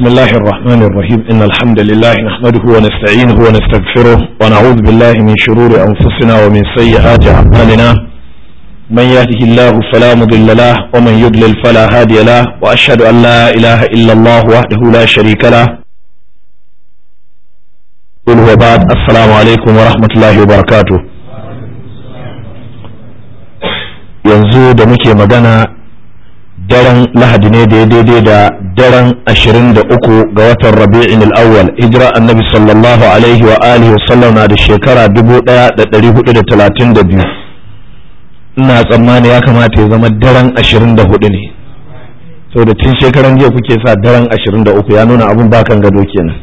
بسم الله الرحمن الرحيم إن الحمد لله نحمده ونستعينه ونستغفره ونعوذ بالله من شرور أنفسنا ومن سيئات أعمالنا من يهده الله فلا مضل له ومن يضلل فلا هادي له وأشهد أن لا إله إلا الله وحده لا شريك له وبعد السلام عليكم ورحمة الله وبركاته yanzu da muke magana daren lahadi ne da ya daidai da daren ashirin da uku ga watan rabi'in al'awwal hijira annabi sallallahu alaihi wa alihi sallam na da shekara biyu. ina tsammani ya kamata ya zama daren ashirin da hudu ne sau da tun shekaran jiya kuke sa daren ashirin da uku, ya nuna abun bakan gado kenan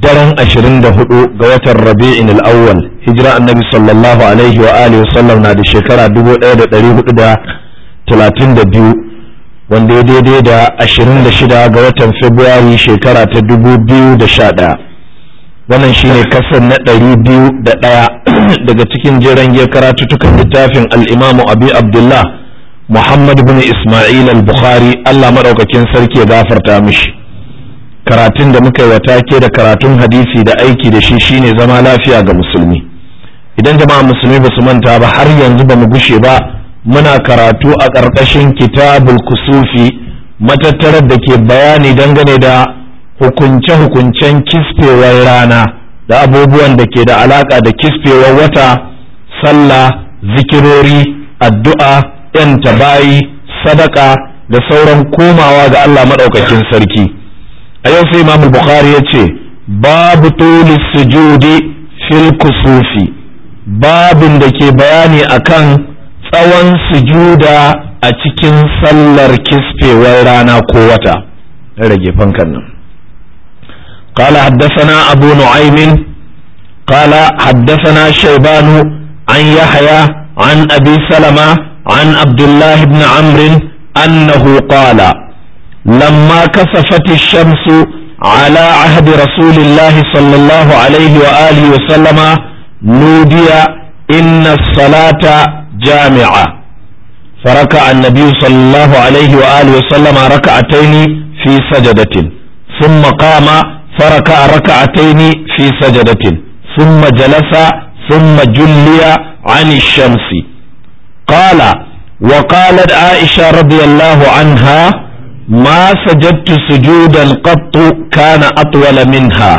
daren ashirin da hudu ga watan rabi'in al'awwal hijira annabi sallallahu alaihi wa alihi sallam na da shekara biyu. wanda ya daidai da shida ga watan Fabrairu shekara ta dubu biyu da sha 2011 wannan shine kasar na biyu da 201 daga cikin jiran ya karatutukan littafin al Abi Abdullah Muhammad bin Ismail al-Bukhari Allah madaukakin sarki ya gafarta mishi karatun da muka yi wa take da karatun hadisi da aiki da shi shine zama lafiya ga musulmi idan jama'a musulmi ba su manta ba har yanzu ba mu gushe ba muna karatu a ƙarƙashin kitabul kusufi matattarar da ke bayani dangane da hukunce-hukuncen kispewar rana da abubuwan da ke da alaƙa da kispewar wata sallah zikirori addu'a yan tabayi sadaka da sauran komawa ga Allah maɗaukakin sarki a yau sai imamul bukhari ya ce babu Toli sujudi fil kusufi babin da ke bayani akan tsawon sujuda a cikin sallar kisfewar rana ko wata rage fankan nan قال حدثنا أبو نعيم قال حدثنا شيبان عن يحيى عن أبي سلمة عن عبد الله بن عمرو أنه قال لما كسفت الشمس على عهد رسول الله صلى الله عليه وآله وسلم نودي إن الصلاة jami'a فركع النبي صلى الله عليه وآله وسلم ركعتين في سجدة ثم قام فركع ركعتين في سجدة ثم جلس ثم جلي عن الشمس قال وقالت عائشة رضي الله عنها ما سجدت سجودا قط كان أطول منها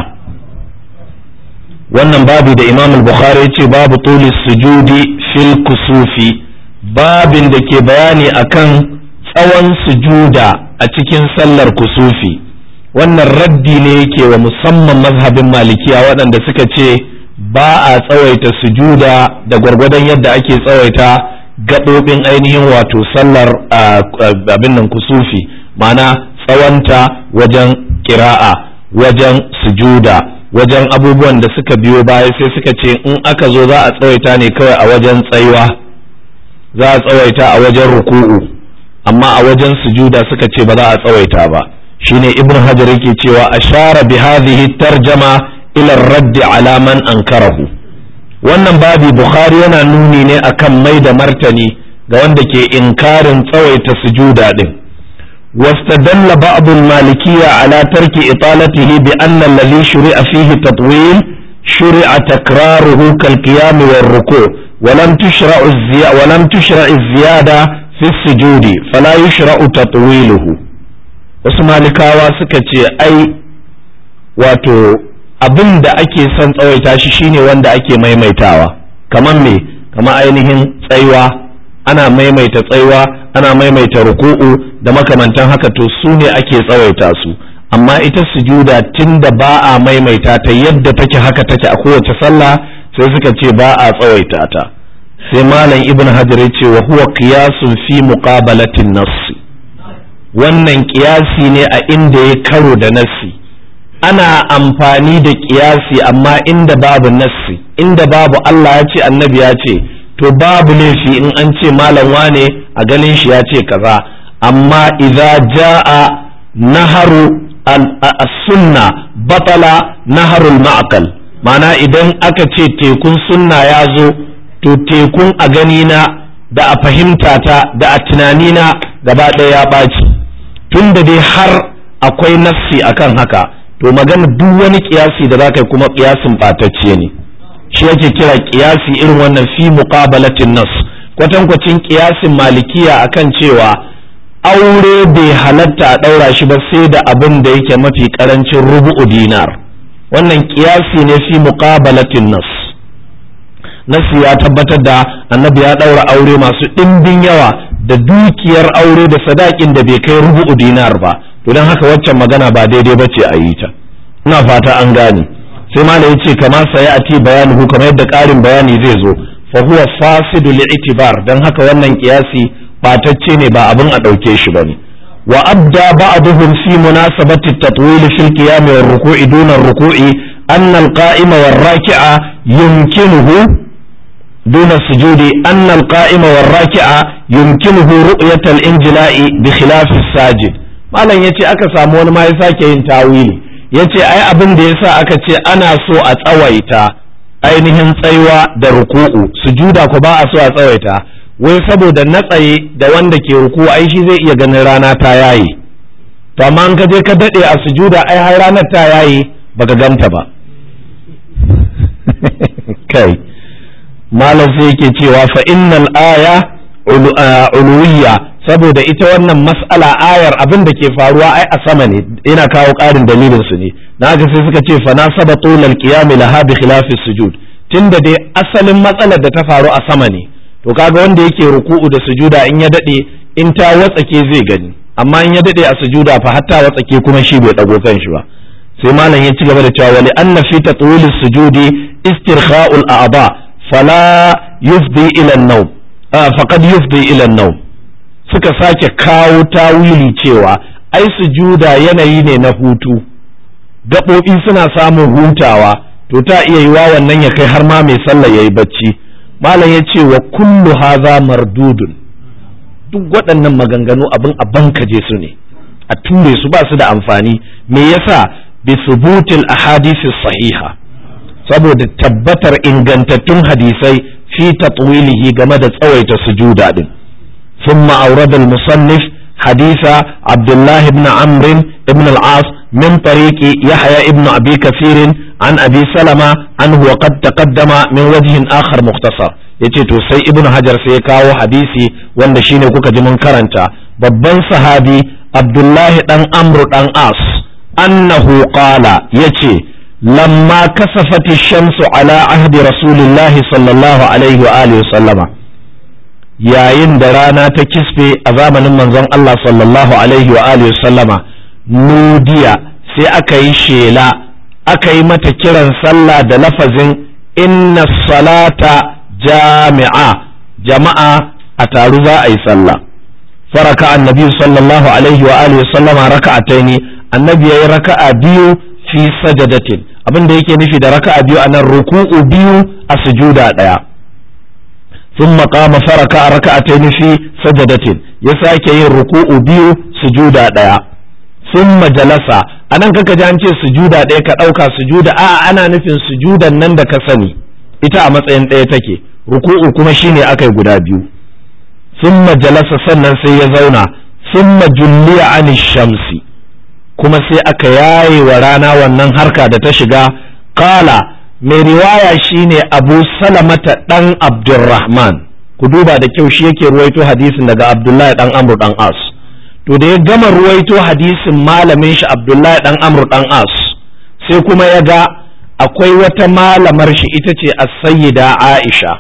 wannan babu da imam al-bukhari ya ce babu tuli sujudi fil kusufi babin da ke bayani kan tsawon sujuda a cikin sallar kusufi wannan raddi ne yake wa musamman mazhabin malikiya waɗanda suka ce ba a tsawaita sujuda da gwargwadon yadda ake tsawaita gaɗoɓin ainihin wato sallar abin nan kusufi ma'ana tsawonta wajen kira'a wajen sujuda wajen abubuwan da suka biyo baya sai suka ce in aka zo za a tsawaita ne kawai a wajen tsayuwa za a tsawaita a wajen ruku'u amma a wajen sujuda suka ce ba za a tsawaita ba shine ibn hajar yake cewa ashara bi hadhihi tarjama ila raddi ala man ankarahu wannan babi bukhari yana nuni ne akan mai da martani ga wanda ke inkarin tsawaita sujuda din واستدل بعض المالكية على ترك إطالته بأن الذي شرع فيه تطويل شرع تكراره كالقيام والركوع ولم تشرع ولم تشرع الزيادة في السجود فلا يشرع تطويله وسمع لكاوا سكتي أي واتو abin da ake son tsawaita shi shine wanda ake maimaitawa kamar me kamar ainihin tsaiwa ana maimaita tsaiwa ana maimaita ruku'u da makamantan haka to su ne ake tsawaita su amma ita sujuda tunda ba a maimaita ta yadda take haka take a kowace sallah sai suka ce ba a tsawaita ta sai malam ibn hajar ya ce wa huwa qiyasun fi muqabalatin nassi wannan kiyasi ne a inda ya karo da nassi ana amfani da qiyasi amma inda babu nassi inda babu Allah ya ce annabi ya ce to babu laifi in an ce malam wane a ganin shi ya ce kaza amma idza jaa naharu as-sunna batala naharul ma'qal ma'ana idan aka ce tekun sunna ya zo to tekun a gani na da a fahimta ta da a tunani na gaba ɗaya ya ɓaci tunda dai har akwai nassi akan haka to magana duk wani kiyasi da za kuma kiyasin ɓatacce ne shi yake kira kiyasi irin wannan fi muqabalatin nas kwatankwacin kiyasin malikiya akan cewa aure bai halatta a ɗaura shi ba sai da abin da yake mafi karancin rubu'u dinar wannan kiyasi ne fi muqabalatin nas nasu ya tabbatar da annabi ya ɗaura aure masu ɗimbin yawa da dukiyar aure da sadakin da bai kai rubu'u dinar ba to don haka waccan magana ba daidai ba ce a yi ta ina fata an gane sai ya ce kama sayati bayanuhu kamar yadda ƙarin bayani zai zo fa huwa fasidu li'tibar dan haka wannan kiyasi batacce ne ba abin a dauke shi bane wa abda ba'dhum fi munasabati at-tatwil fi al-qiyam wa rukui duna ar-ruku'i anna al-qa'ima wa ar-raki'a yumkinuhu دون السجود أن القائم والراكع يمكنه رؤية الانجلاء بخلاف الساجد malam ya ce aka samu wani ma ya sake yin tawili Ya ce, ai abin da ya sa aka ce ana so a tsawaita ainihin tsaiwa da ruku'u sujuda ko ba a so a tsawaita wai saboda na tsaye da wanda ke ruku'u ai shi zai iya ganin rana ta yayi to amma an ka je ka dade a sujuda ai har ranar ta yayi baka ganta ba kai malam sai yake cewa fa innal aya uluwiyya saboda ita wannan mas'ala ayar abin da ke faruwa ai a sama ne yana kawo ƙarin dalilin su ne na haka sai suka ce fana sabatu lal qiyam laha bi khilafi sujud tunda dai asalin matsalar da ta faru a sama ne to kaga wanda yake ruku'u da sujuda in ya dade in ta watsake zai gani amma in ya dade a sujuda fa hatta watsake kuma shi bai dago kan shi ba sai malam ya ci gaba da cewa wali anna fi tatwilis sujudi istirha'ul a'da fala yufdi ila an-nawm ah, faqad yufdi ila an suka sake kawo tawili cewa ai sujuda yanayi ne na hutu gaɓoɓi suna samun hutawa to ta iya yiwa wannan ya kai har ma mai sallah ya yi bacci malam ya ce wa kullu haza mardudun duk waɗannan maganganu abin a bankaje su ne a ture su ba su da amfani me yasa bi subutil ahadisi sahiha saboda tabbatar ingantattun hadisai fi tatwilihi game da tsawaita sujuda din ثم أورد المصنف حديث عبد الله بن عمرو بن العاص من طريق يحيى بن أبي كثير عن أبي سلمة عنه وقد تقدم من وجه آخر مختصر yace to sai ibnu hajar sai ya kawo hadisi wanda shine kuka ji mun karanta babban sahabi abdullahi dan amru dan as annahu qala yace lamma kasafati shamsu ala ahdi rasulillahi sallallahu alaihi wa alihi wa sallama yayin da rana ta kisbe a zamanin manzon Allah sallallahu alaihi wa alihi sallama nudiya sai aka yi shela aka yi mata kiran sallah da lafazin inna salata jami'a jama'a a taru za a yi sallah faraka annabi sallallahu alaihi wa alihi sallama raka'ataini annabi yayi raka'a biyu fi sajadatin abin da yake nufi da raka'a biyu anan ruku'u biyu a sujuda daya Sun ثم قام فركع ركعتين في سجدة يساك ركوع بيو سجودا ديا ثم جلس anan kaka ji an ce sujuda ɗaya ka ɗauka sujuda A'a ana nufin sujudan nan da ka sani ita a matsayin ɗaya take ruku'u kuma shine akayi guda biyu Sun majalasa sannan sai ya zauna sun julliya anishamsi, kuma sai aka yaye wa rana wannan harka da ta shiga qala mai riwaya shine abu salamata dan abdurrahman ku duba da kyau shi yake ruwaito hadisin daga abdullahi dan amru dan as to da ya gama ruwaito hadisin malamin shi abdullahi ɗan amru dan as sai kuma ya ga akwai wata malamar shi ita ce a sayyida aisha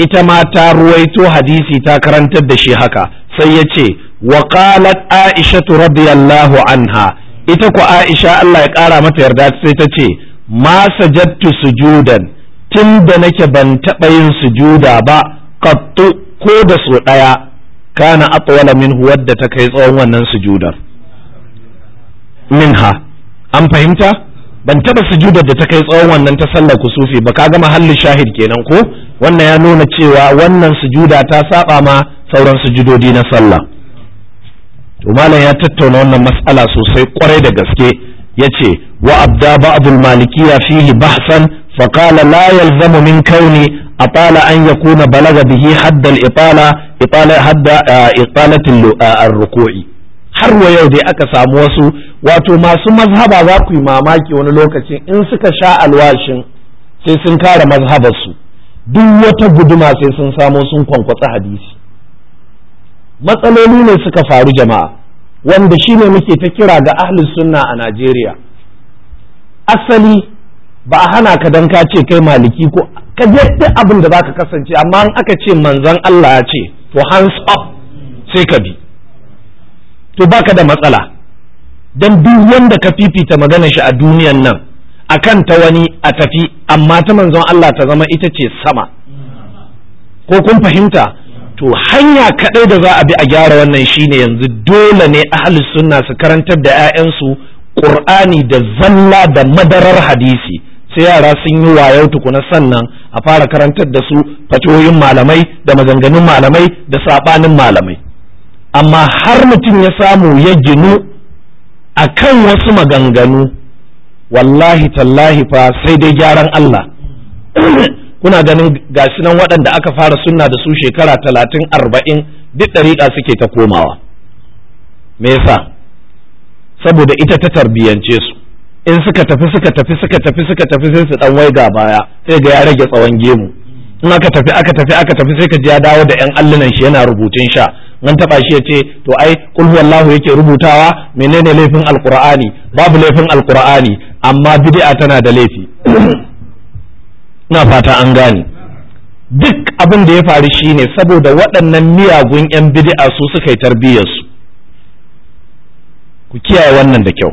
ita ma ta ruwaito hadisi ta karantar da shi haka sai ya ce wa qalat aisha radiyallahu anha ita ku aisha Allah ya ƙara mata yarda sai ta ce ma sajattu sujudan tun da nake ban taɓa yin sujuda ba kattu ko da so ɗaya kana atwala min wadda ta kai tsawon wannan sujudar minha an fahimta ban taɓa sujuda da ta kai tsawon wannan ta sallar kusufi ba ka gama shahid kenan ko wannan ya nuna cewa wannan sujuda ta saba ma sauran sujudodi na sallah to malam ya tattauna wannan mas'ala sosai kwarai da gaske yace wa abda ba'd al-malikiyya fihi bahsan fa qala la yalzamu min kauni atala an yakuna balaga bihi hadd al-itala itala hadd italat al rukui har wa yau dai aka samu wasu wato masu mazhaba za ku yi mamaki wani lokaci in suka sha alwashin sai sun kare mazhabarsu duk wata guduma sai sun samo sun kwankwatsa hadisi matsaloli ne suka faru jama'a wanda shi ne muke ta kira ga ahlus sunna a Najeriya asali ba a hana ka don ka ce kai maliki ko ka je abin da za ka kasance amma in aka ce manzon Allah ya ce to hands up sai ka bi to baka da matsala Don duk wanda ka fifita magana shi a duniyan nan a kan ta wani a tafi amma ta manzon Allah ta zama ita ce sama ko kun fahimta to hanya kaɗai da za a bi a gyara wannan shine yanzu dole ne ahli sunna su karantar da 'ya'yansu ƙur'ani da zalla da madarar hadisi sai yara sun yi wayau tukuna sannan a fara karantar da su fatoyin malamai da maganganun malamai da saɓanin malamai amma har mutum ya samu ya ginu a kan wasu maganganu wallahi tallahi fa sai dai gyaran Allah kuna ganin gashi nan waɗanda aka fara sunna da su shekara talatin arba'in duk ɗariƙa suke ta komawa me yasa saboda ita ta tarbiyyance su in suka tafi suka tafi suka tafi suka tafi sai su dan waiga baya sai ga ya rage tsawon gemu in aka tafi aka tafi aka tafi sai ka ji ya dawo da yan allunan shi yana rubutun sha nan taba shi yace to ai kul huwallahu yake rubutawa menene laifin alqur'ani babu laifin alqur'ani amma bid'a tana da laifi na fata an gane duk abin da ya faru shine saboda waɗannan miyagun 'yan bidi'a su suka yi tarbiyyarsu ku kiyaye wannan da kyau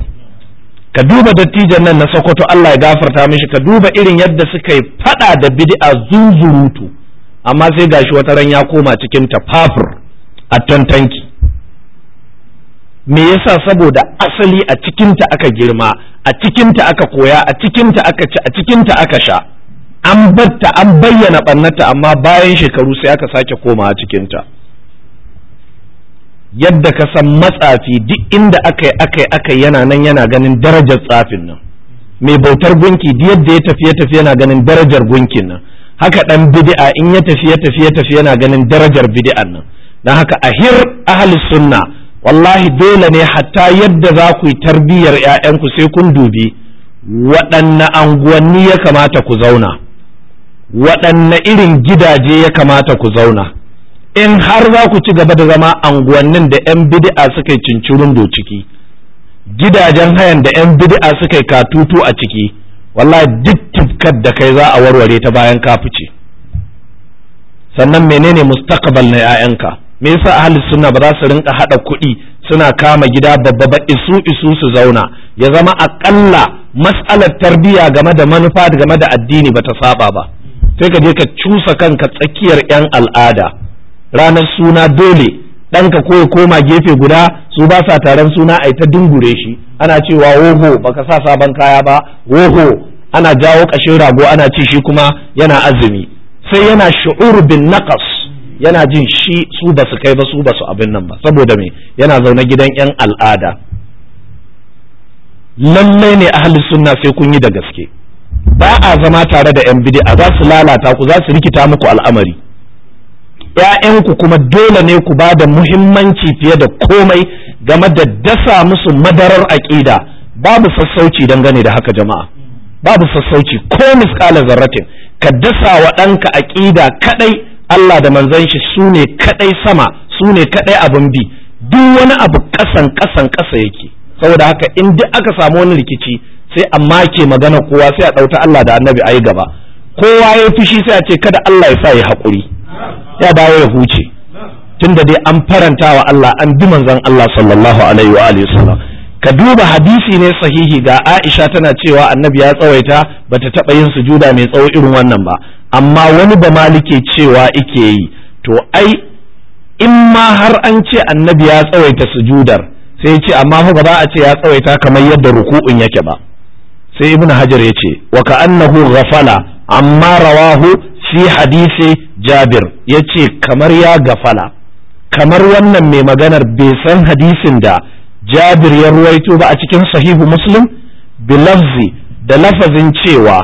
ka duba dattijan nan na sokoto Allah ya gafarta mishi ka duba irin yadda suka yi fada da bidi'a zuzurutu amma sai gashi wata ran ya koma cikin tafafur a tantanki me yasa saboda asali a cikinta aka girma a cikinta aka koya a cikinta aka ci a cikinta aka sha an batta an bayyana ɓannata amma bayan shekaru sai aka sake koma komawa cikinta yadda ka san matsafi duk inda aka yi aka yi aka yana nan yana ganin darajar tsafin nan mai bautar gunki duk yadda ya tafi ya tafi yana ganin darajar gunkin nan haka dan bid'a in ya tafi ya tafi ya tafi yana ganin darajar bid'an nan dan haka ahir ahli sunna wallahi dole ne hatta yadda za ku yi tarbiyyar 'ya'yanku sai kun dubi waɗanne anguwanni ya kamata ku zauna waɗanne irin gidaje ya kamata ku zauna in har za ku ci gaba da zama anguwannin da 'yan bid'a suka yi cincirin do ciki gidajen hayan da 'yan bid'a suka yi katutu a ciki wallahi duk tufkar da kai za a warware ta bayan ka fice sannan menene mustaqbal na 'ya'yanka me yasa ahli sunna ba za su rinka hada kuɗi suna kama gida babba ba isu isu su zauna ya zama akalla mas'alar tarbiyya game da manufa game da addini ba ta saba ba sai ka je ka cusa kanka tsakiyar 'yan al'ada ranar suna dole ɗanka ko ya koma gefe guda su ba sa taron suna a ta dungure shi ana cewa woho baka sa sabon kaya ba woho ana jawo ƙashin rago ana ci shi kuma yana azumi sai yana shu'ur bin naqas yana jin shi su ba su kai ba su ba su abin nan ba saboda me yana zaune gidan 'yan al'ada lallai ne ahli sunna sai kun yi da gaske ba a zama tare da 'yan bid'a za su lalata ku za su rikita muku al'amari ‘ya'yanku kuma dole ne ku ba da muhimmanci fiye da komai game da dasa musu madarar aƙida babu sassauci dangane da haka jama'a babu sassauci ko miskalar zarratin ka dasa wa ɗanka aƙida kaɗai Allah da manzon shi su ne kaɗai sama su ne kaɗai abin bi duk wani abu ƙasan ƙasan ƙasa yake saboda haka in duk aka samu wani rikici sai amma ke magana kowa sai a ɗauta Allah da annabi ayi gaba kowa ya fushi sai a ce kada Allah ya sa ya haƙuri ya dawo ya huce tunda dai an faranta wa Allah an bi manzon Allah sallallahu alaihi wa alihi wasallam ka duba hadisi ne sahihi ga Aisha tana cewa annabi ya tsawaita bata taba yin sujuda mai tsawo irin wannan ba amma wani ba malike cewa ike yi to ai in ma har an ce annabi ya tsawaita sujudar sai ya ce amma fa ba a ce ya tsawaita kamar yadda ruku'un yake ba sai ibn hajar ya ce wa ka'annahu ghafala amma rawahu fi hadisi jabir ya ce kamar ya gafala kamar wannan mai maganar bai san hadisin da jabir ya ruwaito ba a cikin sahihu muslim bilafzi da lafazin cewa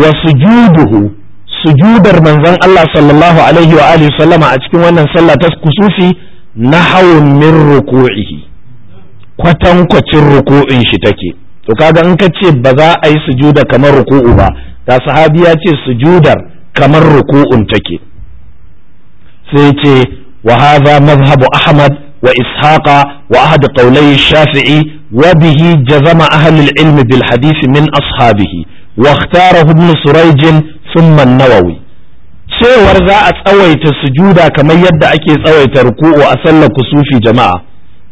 wa sujuduhu sujudar manzon Allah sallallahu alaihi wa alihi sallama a cikin wannan sallah ta na nahawun min ruku'ihi kwatankwacin ruku'in shi take to kaga in ka ce ba za a yi sujuda kamar ruku'u ba ta sahabi ya ce sujudar kamar ruku'un take sai ce wa hadha mazhabu ahmad wa ishaqa wa ahad qawlai shafi'i wa bihi jazama ahli al-ilm bil hadith min ashabihi wa ikhtarahu ibn surayj thumma an-nawawi cewar za a tsawaita sujuda kamar yadda ake tsawaita ruku'u a sallar kusufi jama'a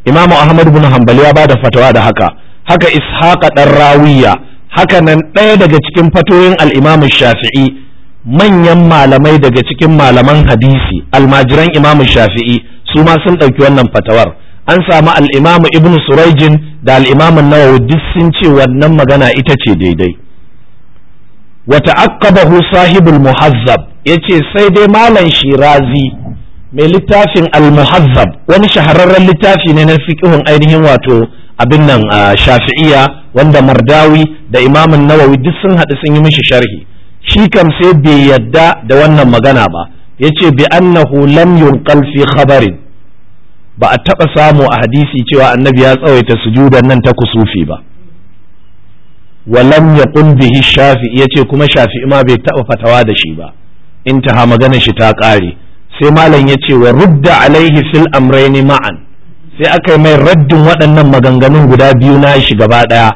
imamu ahmad ibn hanbali ya bada fatawa da haka haka ishaqa dan rawiya haka nan ɗaya daga cikin fatoyin al-imam shafi'i manyan malamai daga cikin malaman hadisi almajiran imam shafi'i su ma sun ɗauki wannan fatawar an samu al-imam ibn surajin da al-imam nawawi duk sun ce wannan magana ita ce daidai wa ta'aqqabahu sahibul muhazzab yace sai dai malam shirazi mai littafin al-muhazzab wani shahararren littafi ne na fiqhun ainihin wato abin nan shafi'iya wanda mardawi da imamin nawawi duk sun haɗu sun yi mishi sharhi shi kam sai bai yadda da wannan magana ba yace bi annahu lam yunqal fi khabarin ba a taɓa samu a hadisi cewa annabi ya tsawaita sujudan nan ta kusufi ba walam ya bihi shafi'i yace kuma shafi'i ma bai taɓa fatawa da shi ba intaha maganar shi ta ƙare sai malam ya ce wa rudda alaihi fil amraini ma'an sai aka yi mai raddin waɗannan maganganun guda biyu na shi gaba ɗaya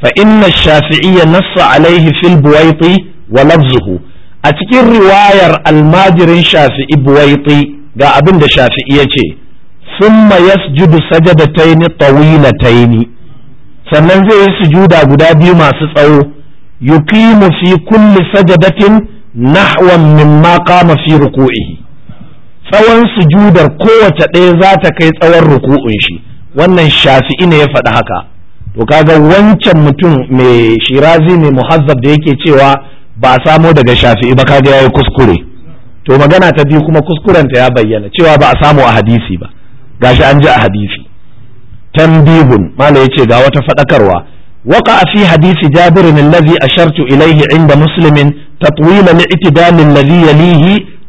fa inna shafi'iyya nassa alaihi fil buwaiti wa lafzuhu a cikin riwayar almajirin shafi'i buwaiti ga abin da shafi'i ya ce summa yasjudu sajadataini tawilataini sannan zai yi sujuda guda biyu masu tsawo yuqimu fi kulli sajadatin nahwan mimma qama fi ruku'ihi tsawon sujudar kowace ɗaya za ta kai tsawon ruku'un shi wannan shafi'i ne ya faɗi haka to kaga wancan mutum mai shirazi mai muhazzab da yake cewa ba a samo daga shafi'i ba kaga yayi kuskure to magana ta biyu kuma kuskurenta ya bayyana cewa ba a samu a hadisi ba gashi an ji a hadisi tanbihun mala yace ga wata fadakarwa hadisi jabiru حديث جابر الذي أشرت إليه عند مسلم تطويل الاعتدال الذي يليه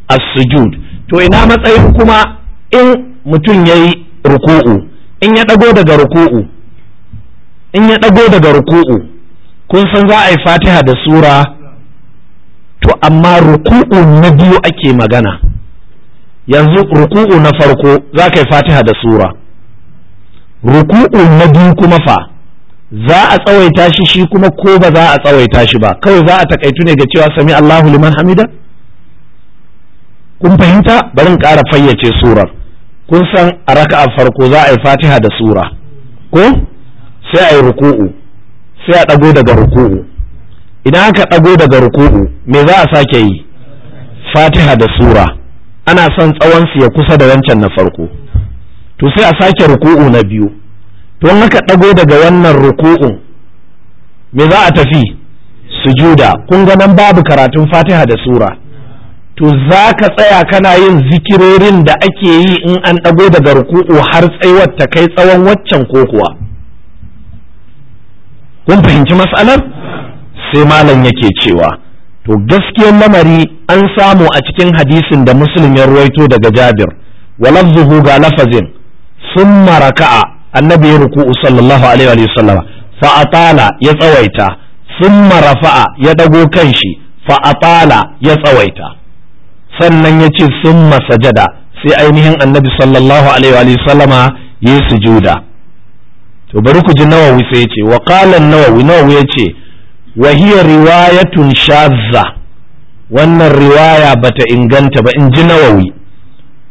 السجود to ina matsayin kuma in mutum ya yi ruku'u in ya ɗago daga ruku'u in ya ɗago daga ruku'u kun san za a yi fatiha da sura to amma ruku'u na biyu ake magana yanzu ruku'u na farko za ka yi fatiha da sura ruku'u na biyu kuma fa za a tsawaita shi shi kuma ko ba za a tsawaita shi ba kawai za a takaitu ne ga cewa sami Allahu liman hamida kun fahimta bari in ƙara fayyace surar kun san a raka'a farko za a yi fatiha da sura ko sai a yi ruku'u sai a ɗago daga ruku'u idan aka ɗago daga ruku'u me za a sake yi fatiha da sura ana son tsawon su ya kusa da wancan na farko to sai a sake ruku'u na biyu to in aka ɗago daga wannan rukuu me za a tafi sujuda kun ga nan babu karatun fatiha da sura to za ka tsaya kana yin zikirorin da ake yi in an ɗago daga ruku'u har tsaiwar ta kai tsawon waccan ko kuwa kun fahimci matsalar sai malam yake cewa to gaskiyar lamari an samu a cikin hadisin da musulmi ya ruwaito daga jabir wa lafzuhu ga lafazin sun maraka'a annabi ya ruku'u sallallahu alaihi wa sallama ya tsawaita sun marafa'a ya ɗago kanshi shi ya tsawaita sannan ya ce sun masajada sai ainihin annabi sallallahu alaihi wa sallama ya sujuda to bari ku ji nawawi sai ya ce wa qala nawawi nawawi ya ce wa hiya riwayatun shazza wannan riwaya bata inganta ba in ji nawawi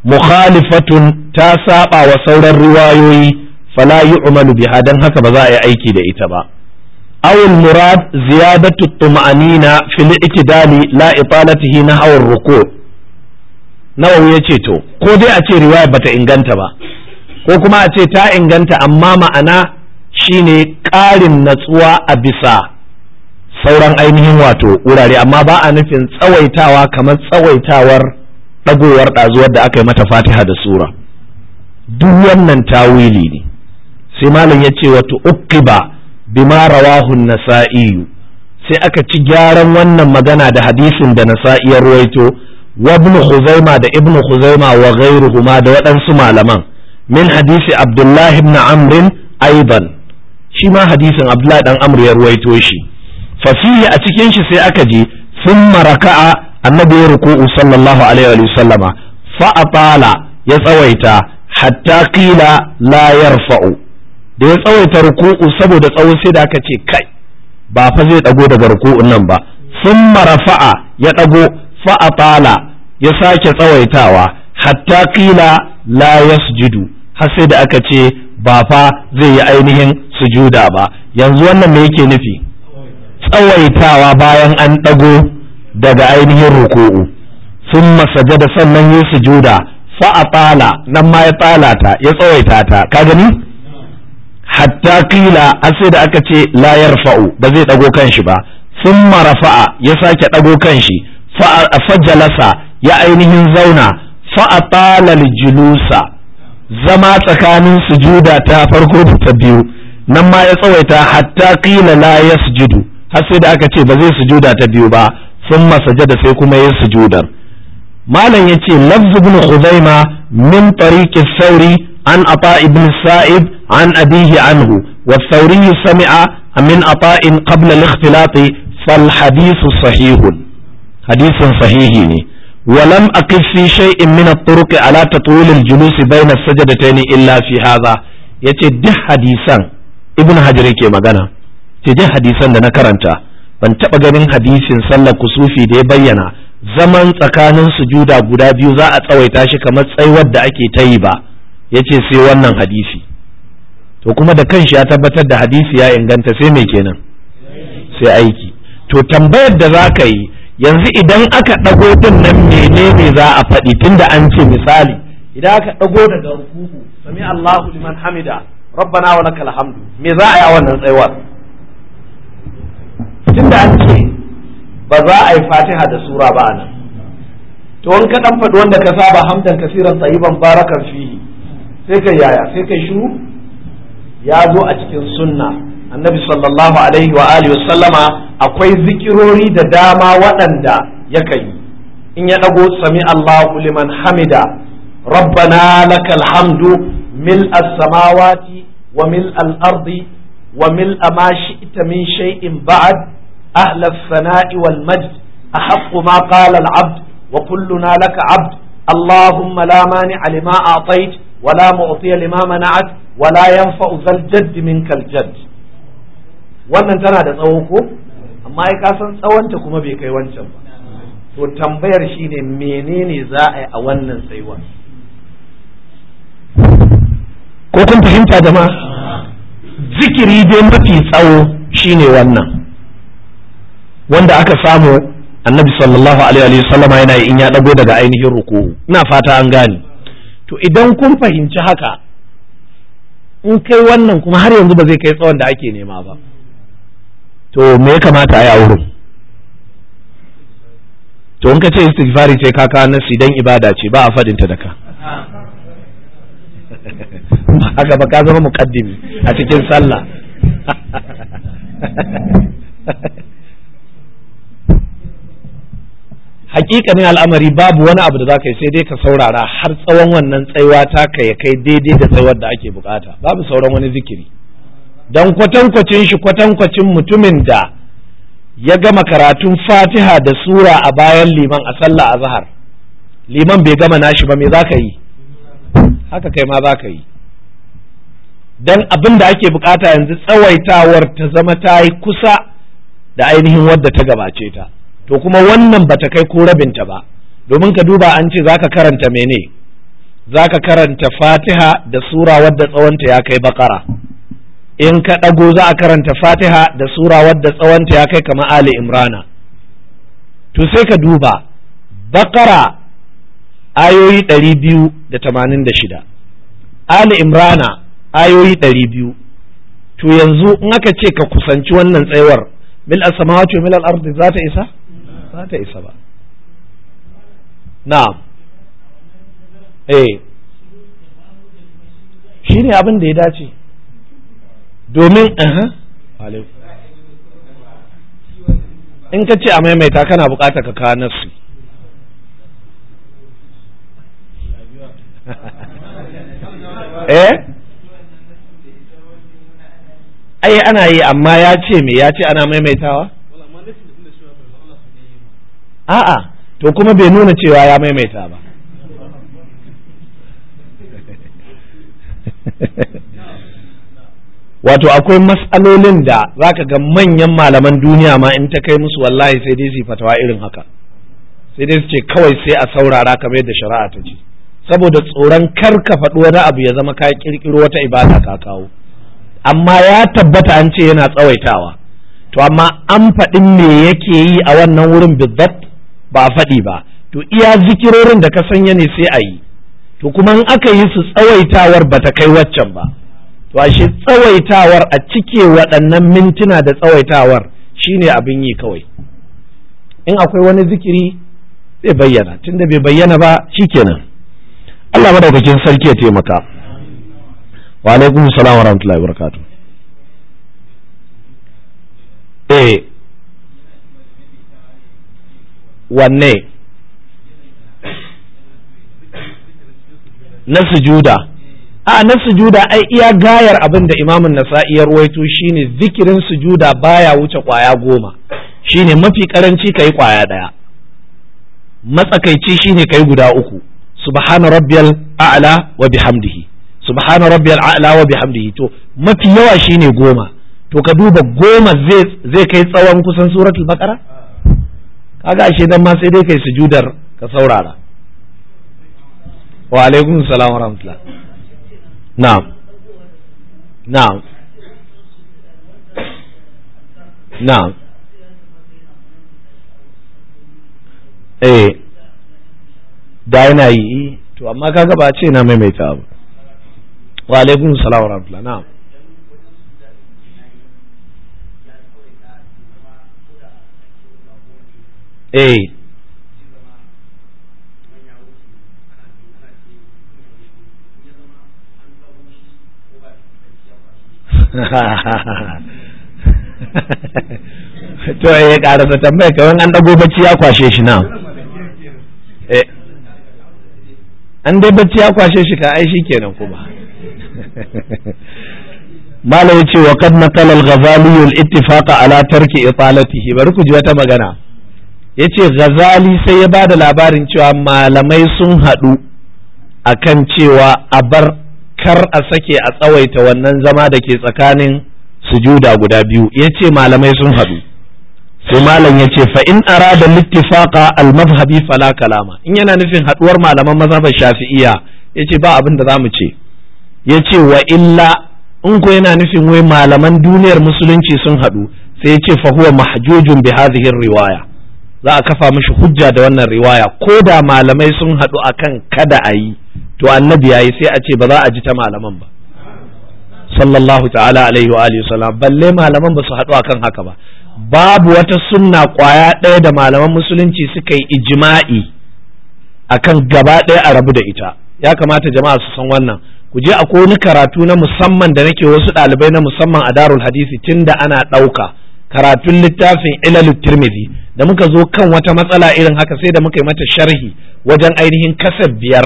mukhalifatun ta saba wa sauran riwayoyi fala yu'malu biha dan haka ba za a yi aiki da ita ba أو المراد زيادة الطمأنينة في الاعتدال لا إطالته نحو الركوع nawawi ya ce to ko dai a ce riwaya bata inganta ba ko kuma a ce ta inganta amma ma'ana shine ƙarin natsuwa a bisa sauran ainihin wato wurare amma ba a nufin tsawaitawa kamar tsawaitawar dagowar ɗazuwar da aka yi mata fatiha da sura duk wannan tawili ne sai malam ya ce wato Ukiba bima rawahun nasa'iyu sai aka ci gyaran wannan magana da hadisin da nasa'iyar ruwaito wa ibn da ibn Khuzaima wa ma da waɗansu malaman min hadisi Abdullah ibn Amr aidan shi ma hadisin Abdullah dan Amr ya ruwaito shi fa fihi a cikin shi sai aka je thumma raka'a annabi ya ruku'u sallallahu alaihi wa sallama fa atala ya tsawaita hatta qila la yarfa'u da ya tsawaita ruku'u saboda tsawo sai da aka ce kai ba fa zai dago daga ruku'un nan ba thumma rafa'a ya dago fa ya sake tsawaitawa hatta kila la yasjudu har sai da aka ce ba fa zai yi ainihin sujuda ba yanzu wannan me yake nufi tsawaitawa bayan an ɗago daga ainihin ruku'u summa sajada sannan yi sujuda fa atala nan ma ya tsalata ya tsawaita ta ka gani hatta kila har sai da aka ce la yarfa'u ba zai ɗago kanshi ba Sun rafa'a ya sake ɗago kanshi fajalasa ya ainihin zauna fa'atalal julusa zama tsakanin sujuda ta farko ta biyu nan ma ya tsawaita hatta qila la sujudu har sai da aka ce ba zai sujuda ta biyu ba sun da sai kuma ya sujudar malam ya ce lafz ibn huzaima min tariqi sauri an ata ibn sa'ib an abihi anhu wa sauri sami'a min ata'in qabla al-ikhtilati fal hadithu sahihun hadisin sahihi ne walam aqif fi shay'in min at-turuq ala tatwil al-julus bayna as-sajdatayn illa fi hadha yace duk hadisan ibnu hajar yake magana ce duk hadisan da na karanta ban taba ganin hadisin sallar kusufi da ya bayyana zaman tsakanin sujuda guda biyu za a tsawaita shi kamar tsaiwar da ake ta yi ba yace sai wannan hadisi to kuma da kanshi ya tabbatar da hadisi ya inganta sai me kenan sai aiki to tambayar da za ka yi yanzu idan aka ɗago din nan menene za a faɗi tunda an ce misali idan aka ɗago daga rukuku sami Allahu liman hamida rabbana wa lakal hamdu me za a yi a wannan tsayuwar tunda an ce ba za a yi fatiha da sura ba nan to in ka dan faɗi wanda ka saba hamdan kasiran tayyiban barakan fihi sai kai yaya sai kai shiru ya zo a cikin sunna annabi sallallahu alaihi wa alihi wasallama akwai zikirori da dama waɗanda ya kai in ya ɗago sami Allahu liman hamida rabbana lakal hamdu mil as-samawati wa mil al-ardi wa mil ma shi'ta min shay'in ba'd ahla as-sana'i wal majd ahaqqu ma qala abd wa kulluna laka abd اللهم لا مانع لما أعطيت ولا معطي لما منعت ولا ينفع ذا الجد منك الجد wannan tana da tsawo ko amma ai kasan tsawonta kuma bai kai wancan ba to tambayar shine menene za a yi a wannan saiwa ko kun fahimta jama'a zikiri dai mafi tsawo shine wannan wanda aka samu annabi sallallahu alaihi sallam yana in ya dago daga ainihin ruku'u ina fata an gane to idan kun fahimci haka in kai wannan kuma har yanzu ba zai kai tsawon da ake nema ba to me ya kamata a yi a wurin to in ka ce istighfari ce ka kawo nasi dan ibada ce ba a fadin da ka haka ba ka zama muqaddimi a cikin sallah hakikanin al'amari babu wani abu da za ka yi sai dai ka saurara har tsawon wannan tsaiwa ta kai ya kai daidai da tsayuwar da ake bukata babu sauran wani zikiri don kwatankwacin shi kwatankwacin mutumin da ya gama karatun fatiha da sura a bayan liman a sallah a zahar liman bai gama nashi ba me za ka yi haka kai ma za ka yi don abin da ake bukata yanzu tsawaitawar ta zama ta yi kusa da ainihin wadda ta gabace ta to kuma wannan bata kai ko rabinta ba domin ka duba an ce za ka karanta mene za ka karanta fatiha da sura wadda tsawonta ya kai bakara in ka ɗago za a karanta fatiha da sura wadda tsawonta ya kai kama ali imrana to sai ka duba bakara ayoyi ɗari biyu da tamanin da shida ali imrana ayoyi ɗari biyu to yanzu in aka ce ka kusanci wannan tsayuwar mil samawati mil al-ardi za ta isa za ta isa ba na'am eh shine abin da ya dace domin in ka ce a maimaita kana bukata ka kawo nasu eh ai ana yi amma ya ce me ya ce ana maimaitawa a'a to kuma bai nuna cewa ya maimaita ba wato akwai matsalolin da zaka ga manyan malaman duniya ma in ta kai musu wallahi sai dai su fatawa irin haka sai dai su ce kawai sai a saurara kamar yadda shari'a ta ce saboda tsoron kar ka faɗi wani abu ya zama ka kirkiro wata ibada ka kawo amma ya tabbata an ce yana tsawaitawa to amma an faɗin me yake yi a wannan wurin bizzat ba a faɗi ba to iya zikirorin da ka sanya ne sai a yi to kuma in aka yi su tsawaitawar bata kai waccan ba to tsawaitawar a cike waɗannan mintuna da tsawaitawar shine abin yi kawai in akwai wani zikiri zai bayyana tunda bai bayyana ba shi kenan. Allah madaukakin sarki ya taimaka wa alaikum salam wa rahmatullahi wa barakatuh eh wanne na sujuda a na sujuda ai iya gayar abin da imamun nasa'i ya ruwaito shine zikirin sujuda baya wuce kwaya goma shine mafi karanci kai kwaya daya matsakaici shine kai guda uku subhana rabbiyal a'la wa bihamdihi subhana rabbiyal a'la wa bihamdihi to mafi yawa shine goma to ka duba goma zai zai kai tsawon kusan suratul baqara kaga ashe dan ma sai dai kai sujudar ka saurara wa alaikum salam wa rahmatullah na'am na'am na'am eh da yana yi eh. to amma kaga ba ce na maimaita ba wa alaikum salam wa rahmatullah na. eh to ya ƙara da tambaya kawai an ɗago bacci ya kwashe shi na eh. an dai bacci ya kwashe shi ka ai shi kenan kuma malam yace wa kad naqala al-ghazali al-ittifaq ala tarki italatihi bari ku ji wata magana yace ghazali sai ya bada labarin cewa malamai sun hadu akan cewa a bar kar a sake a tsawaita wannan zama da ke tsakanin sujuda guda biyu ya ce malamai sun haɗu sai malam ya ce fa'in da littifaqa al-mazhabi fala kalama in yana nufin haɗuwar malaman mazhabar shafi'iya ya ce ba abin da za mu ce ya ce wa illa in ko yana nufin wai malaman duniyar musulunci sun haɗu sai ya ce fa huwa bi riwaya za a kafa mashi hujja da wannan riwaya ko da malamai sun haɗu akan kada a yi to annabi yayi sai a ce ba za a ji ta malaman ba sallallahu ta'ala alaihi wa alihi balle malaman ba su haɗu akan haka ba babu wata sunna kwaya ɗaya da malaman musulunci suka yi ijma'i akan gaba ɗaya a rabu da ita ya kamata jama'a su san wannan ku je a wani karatu na musamman da nake wasu ɗalibai na musamman a darul hadisi tunda ana ɗauka karatun littafin ilalut tirmidhi da muka zo kan wata matsala irin haka sai da muka yi mata sharhi wajen ainihin kasar biyar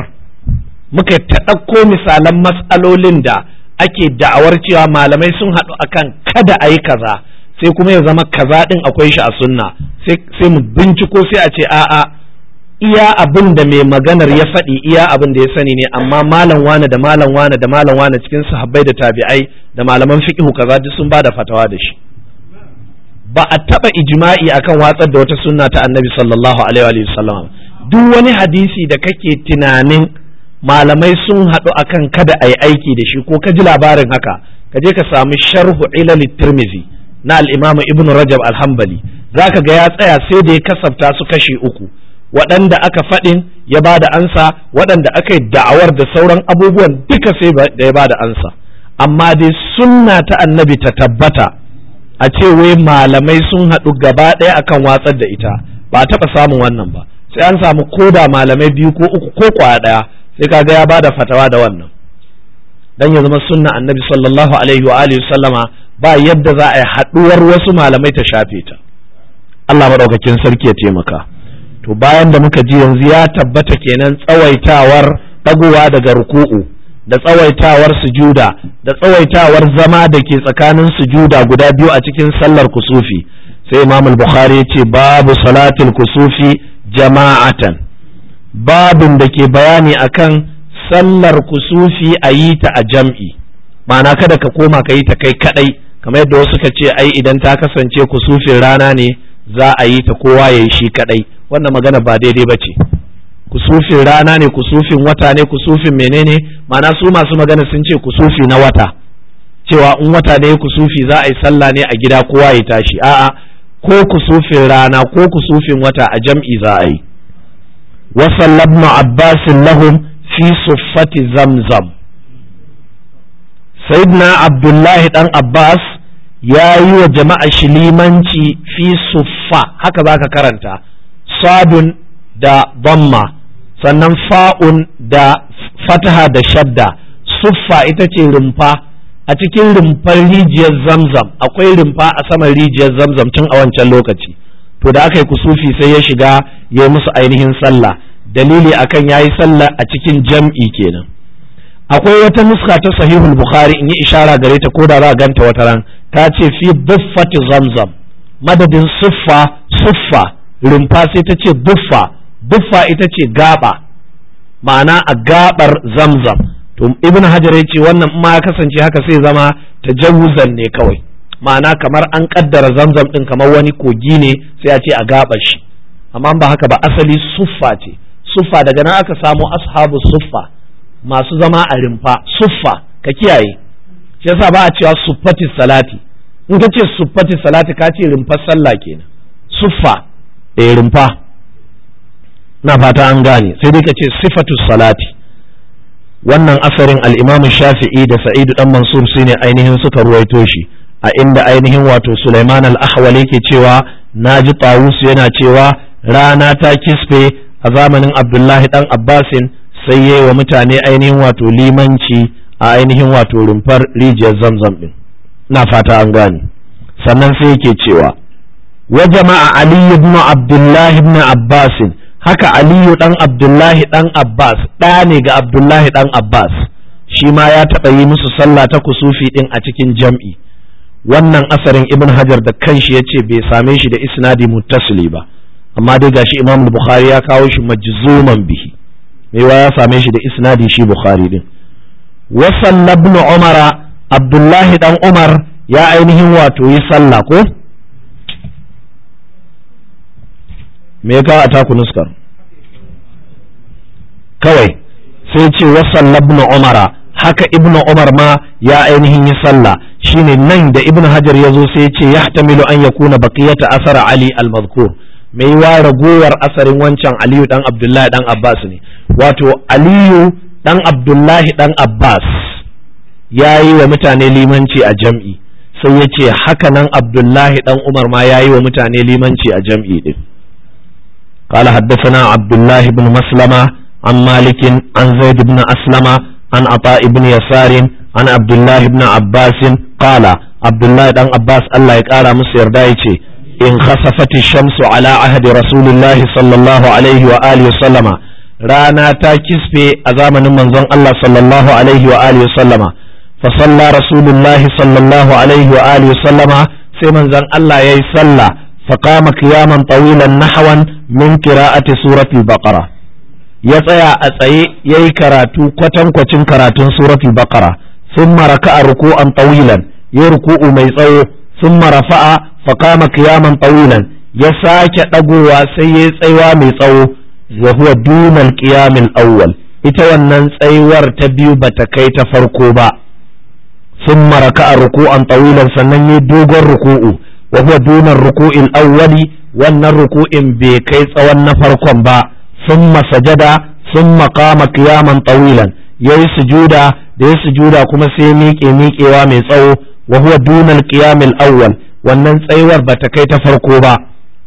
muka ta ɗauko misalan matsalolin da ake da'awar cewa malamai sun haɗu akan kada a yi kaza sai kuma ya zama kaza ɗin akwai shi a sunna sai mu binciko sai a ce a'a iya abin da mai maganar ya faɗi iya abin da ya sani ne amma malam wane da malam wane da malam wane cikin sahabbai da tabi'ai da malaman fiqhu kaza duk sun bada fatawa da shi ba a taɓa ijma'i akan watsar da wata sunna ta annabi sallallahu alaihi wa sallam duk wani hadisi da kake tunanin malamai sun haɗu akan kada a yi aiki da shi ko ka ji labarin haka ka je ka samu sharhu ilalit tirmizi na al'imamu ibn rajab alhambali za ka ga ya tsaya sai da ya kasafta su kashe uku waɗanda aka faɗin ya ba da ansa waɗanda aka yi da'awar da sauran abubuwan duka sai da ya ba da ansa amma dai sunna ta annabi ta tabbata a ce wai malamai sun haɗu gaba ɗaya akan watsar da ita ba a taɓa samun wannan ba sai an samu ko da malamai biyu ko uku ko kwaya ɗaya sai kaga ya bada fatawa da wannan dan ya zama sunna annabi sallallahu alaihi wa alihi sallama ba yadda za a yi haduwar wasu malamai ta shafe ta Allah madaukakin sarki ya taimaka to bayan da muka ji yanzu ya tabbata kenan tsawaitawar dagowa daga ruku'u da tsawaitawar sujuda da tsawaitawar zama da ke tsakanin sujuda guda biyu a cikin sallar kusufi sai imam bukhari ya ce babu salatul kusufi jama'atan babin da ke bayani akan sallar kusufi a yi ta a jam'i ma'ana kada ka koma ka yi ta kai kaɗai, kamar yadda wasu ka ce ai idan ta kasance kusufin rana ne za a yi ta kowa ya yi shi kaɗai. wannan magana ba daidai ba ce kusufin rana ne kusufin wata ne kusufin menene ma'ana su masu magana sun ce kusufi na wata cewa in wata ne kusufi za a yi sallah ne a gida kowa ya tashi a'a ko kusufin rana ko kusufin wata a jam'i za a yi وصلى ابن عباس لهم zamzam. صفة Abdullahi سيدنا Abbas ya yi wa jama'a أيها جماعة شليمانتي haka صفة هكذا كرنتا صاد دا ضمة sannan fa'un da fataha da shadda suffa ita ce rumfa a cikin rumfar rijiyar zamzam akwai rumfa a saman rijiyar zamzam tun a wancan lokaci to da aka yi kusufi sai ya shiga ya yi musu ainihin sallah dalili akan ya yi sallah a cikin jam'i kenan akwai wata nuska ta sahihul bukhari in yi ishara gare ta ko da za a ganta wata ran ta ce fi buffati zamzam madadin siffa siffa rumfa sai ta ce buffa buffa ita ce gaba ma'ana a gabar zamzam to ibn hajar ya ce wannan ma ya kasance haka sai zama ta tajawuzan ne kawai ma'ana kamar an kaddara zamzam din kamar wani kogi ne sai a ce a gaba shi amma ba haka ba asali suffa ce suffa daga nan aka samu ashabu suffa masu zama a rimfa suffa ka kiyaye shi yasa ba a cewa suffati salati in ka ce suffati salati ka ce rimfar sallah kenan suffa eh rimfa na fata an gane sai dai ka ce sifatu salati wannan asarin al-Imam Shafi'i da Sa'idu dan Mansur sune ainihin suka ruwaito shi a inda ainihin wato Sulaiman al-Ahwal yake cewa ji Tawus yana cewa rana ta kisfe a zamanin Abdullahi dan Abbasin sai yayi wa mutane ainihin wato limanci a ainihin wato rumfar rijiyar Zamzam din na fata an gane sannan sai yake cewa wa jama'a Ali ibn Abdullah ibn Abbas haka Aliyu dan Abdullahi dan Abbas ɗa ne ga Abdullahi dan Abbas shi ma ya taɓa yi musu sallah ta kusufi ɗin a cikin jam'i wannan asarin ibn hajar da kanshi ya ce bai same shi da isnadi muttasili ba amma dai gashi imam bukhari ya kawo shi majzuman bihi maiwa ya same shi da isnadi shi bukhari din wasan ibn umara abdullahi dan umar ya ainihin wato yi sallah ko me ya kawo a taku nuskar kawai sai ce wasan ibn umara haka ibn umar ma ya ainihin yi sallah shine nan da ibn hajar ya zo sai ya ce yahtamilu an ya kuna yakuna baqiyata asara ali al-mazkur mai wa ragowar asarin wancan aliyu dan abdullahi dan abbas ne wato aliyu dan abdullahi dan abbas ya yi wa mutane limanci a jam'i sai ya ce haka nan abdullahi dan umar ma ya yi wa mutane limanci a jam'i din قال حدثنا عبد الله بن مسلمة عن مالك عن زيد بن أسلمة an ata ibn yasarin an abdullahi ibn abbasin qala abdullahi dan abbas Allah ya kara musu yarda yace in fati shamsu ala ahadi rasulillahi sallallahu alaihi wa alihi sallama rana ta kisfe a zamanin manzon Allah sallallahu alaihi wa alihi sallama fa salla rasulullahi sallallahu alaihi wa alihi sallama sai manzon Allah yayi sallah fa qama qiyaman tawilan nahwan min qira'ati suratul baƙara. ya tsaya a tsaye ya yi karatu kwatankwacin karatun suratul baqara sun maraka a ruku an ɗawilan, ya ruku'u mai tsawo sun marafa'a faƙama kiyaman ɗawilan. ya sake ɗagowa sai ya yi tsaiwa mai tsawo ya huwa dunal kiyamin awwal ita wannan tsayuwar ta biyu ba ta kai ta farko ba sun maraka a ruku an ɗawilan, sannan ya dogon ruku'u wa huwa dunar ruku'in awwali wannan ruku'in bai kai tsawon na farkon ba thumma sajada thumma qama kiyaman tawilan yayi sujuda da ya sujuda kuma sai miƙe miƙewa mai tsawo wa huwa dunal auwal awwal wannan tsayuwar ba ta kai ta farko ba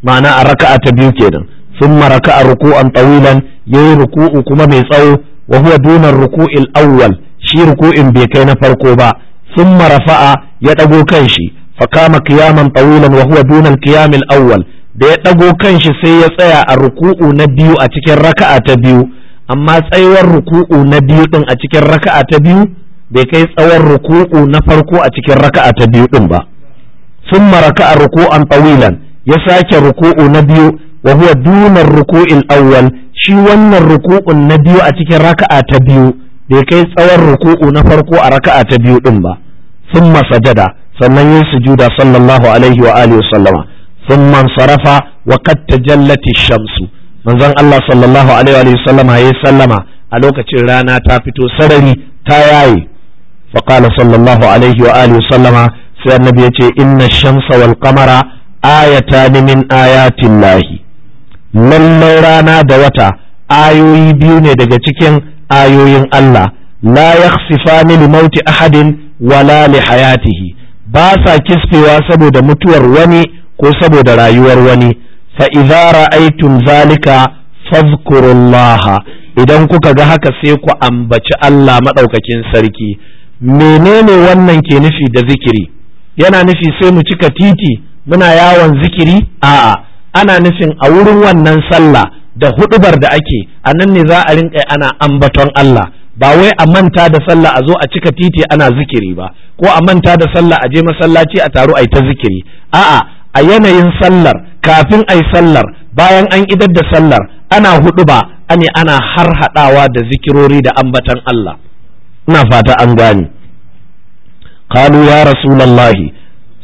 ma'ana a raka'a ta biyu kenan thumma raka'a ruku'an tawilan yayi ruku'u kuma mai tsawo wa huwa dunar ruku'il awwal shi ruku'in bai kai na farko ba thumma rafa'a ya dago kanshi fa kama qiyaman tawilan wa huwa dunal qiyam awwal da ya ɗago kanshi sai ya tsaya a ruku'u na biyu a cikin raka'a ta biyu amma tsayuwar ruku'u na biyu ɗin a cikin raka'a ta biyu bai kai tsawon ruku'u na farko a cikin raka'a ta biyu ɗin ba sun maraka a ruku'an tawilan ya sake ruku'u na biyu wa huwa dunar ruku'il awwal shi wannan ruku'un na biyu a cikin raka'a ta biyu bai kai tsawon ruku'u na farko a raka'a ta biyu ɗin ba sun masajada sannan yin sujuda sallallahu alaihi wa alihi sallama sun mansarafa wa kad tajallati shamsu manzon Allah sallallahu sallama a lokacin rana ta fito sarari ta yaye fa qala sallallahu alaihi wa alihi sallama sai annabi yace inna shamsa wal qamara ayatan min ayatin lahi lallai rana da wata ayoyi biyu ne daga cikin ayoyin Allah la yakhsifani li mauti ahadin wala li hayatihi ba sa kispewa saboda mutuwar wani ko saboda rayuwar wani fa idza ra'aytum zalika fadhkurullah idan kuka ga haka sai ku ambaci Allah madaukakin sarki menene wannan ke nufi da zikiri yana nufi sai mu cika titi muna yawon zikiri a'a ana nufin a wurin wannan sallah da hudubar da ake a nan ne za a rinka ana ambaton Allah ba wai a manta da sallah a zo a cika titi ana zikiri ba ko a manta da sallah a je masallaci a taro a yi ta zikiri a'a a yanayin sallar kafin ai sallar bayan an idar da sallar ana hudu ba ane ana harhaɗawa da zikirori da ambatan Allah ina fata an gani. qalu ya rasulullahi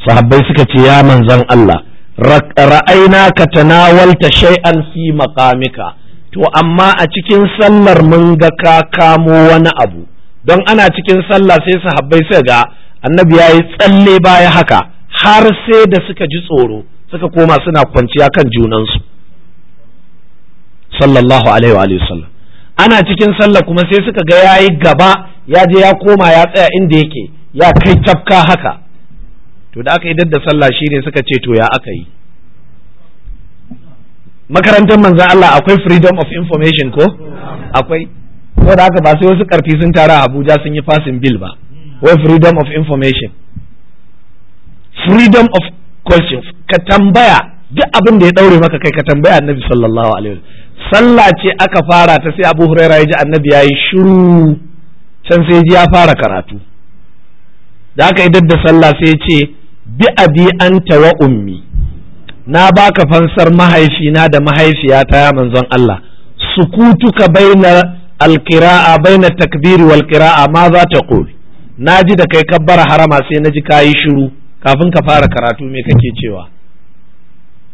sahabbai suka ce ya manzan Allah ra'aina ka tanawalta shay'an fi maqamika to amma a cikin sallar mun ga ka kamo wani abu don ana cikin sallah sai sahabbai suka ga annabi ya yi tsalle baya haka har sai da suka ji tsoro suka koma suna kwanciya kan junansu sallallahu alaihi wa sallam ana cikin sallah kuma sai suka ga yayi gaba ya je ya koma ya tsaya inda yake ya kai tafka haka to da aka yi da sallah shi ne suka ce to ya aka yi makarantar manzan Allah akwai freedom of information ko akwai ko da haka ba sai wasu karfi sun tara Abuja sun yi fasin bill ba wai freedom of information freedom of conscience ka tambaya duk abin da ya daure maka kai ka tambaya annabi sallallahu alaihi wasallam sallah ce aka fara ta sai abu huraira ya ji annabi yi shiru can sai ji ya fara karatu da aka yi da sallah sai ya ce bi abi anta wa ummi na baka fansar mahaifi na da mahaifiyata ya manzon Allah sukutuka baina alqira'a baina takbiri wal qira'a ma za ta qul naji da kai kabbara harama sai naji kayi shiru kafin ka fara karatu me kake cewa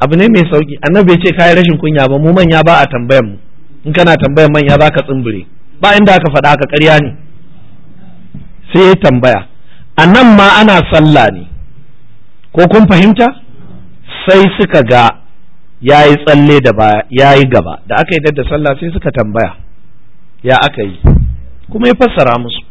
abu ne mai sauki annabi ya ce kai rashin kunya ba mu manya ba a tambayan mu in kana tambayan manya za ka tsumbure ba inda aka faɗa aka ƙarya ne sai ya tambaya a nan ma ana sallah ne ko kun fahimta sai suka ga ya yi tsalle da ba ya yi gaba da aka yi da sallah sai suka tambaya ya aka yi kuma ya fassara musu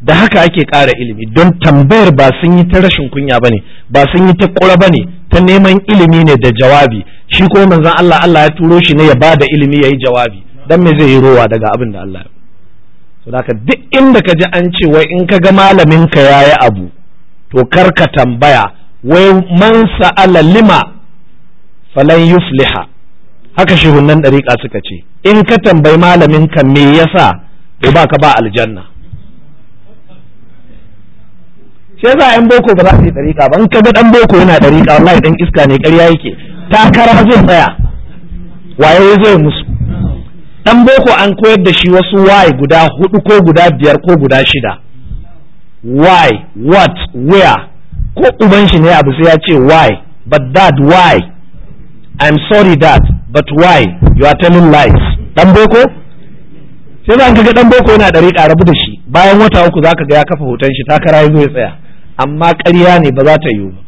da haka ake ƙara ilimi don tambayar ba sun yi ta rashin kunya ba ne ba sun yi ta ƙura ba ne ta neman ilimi ne da jawabi shi ko manzon Allah Allah ya turo shi ne ya ba da ilimi ya yi jawabi don me zai yi rowa daga abin da Allah ya so da duk inda ka ji an ce wai in ka ga malamin ka yi abu to kar ka tambaya wai man sa'ala lima falan yufliha haka hunnan dariƙa suka ce in ka tambayi malamin ka me yasa to ka ba aljanna shi yasa yan boko ba za su yi dariƙa ba in ka ga dan boko yana dariƙa wallahi ɗan iska ne ƙarya yake takara zai tsaya waye zai musu dan boko an koyar da shi wasu why guda hudu ko guda biyar ko guda shida why what where ko uban shi ne abu sai ya ce why but that why i'm sorry that but why you are telling lies dan boko sai za ka ga dan boko yana dariƙa rabu da shi bayan wata uku zaka ga ya kafa hoton shi takara zai ya tsaya amma ƙarya ne ba za ta yiwu ba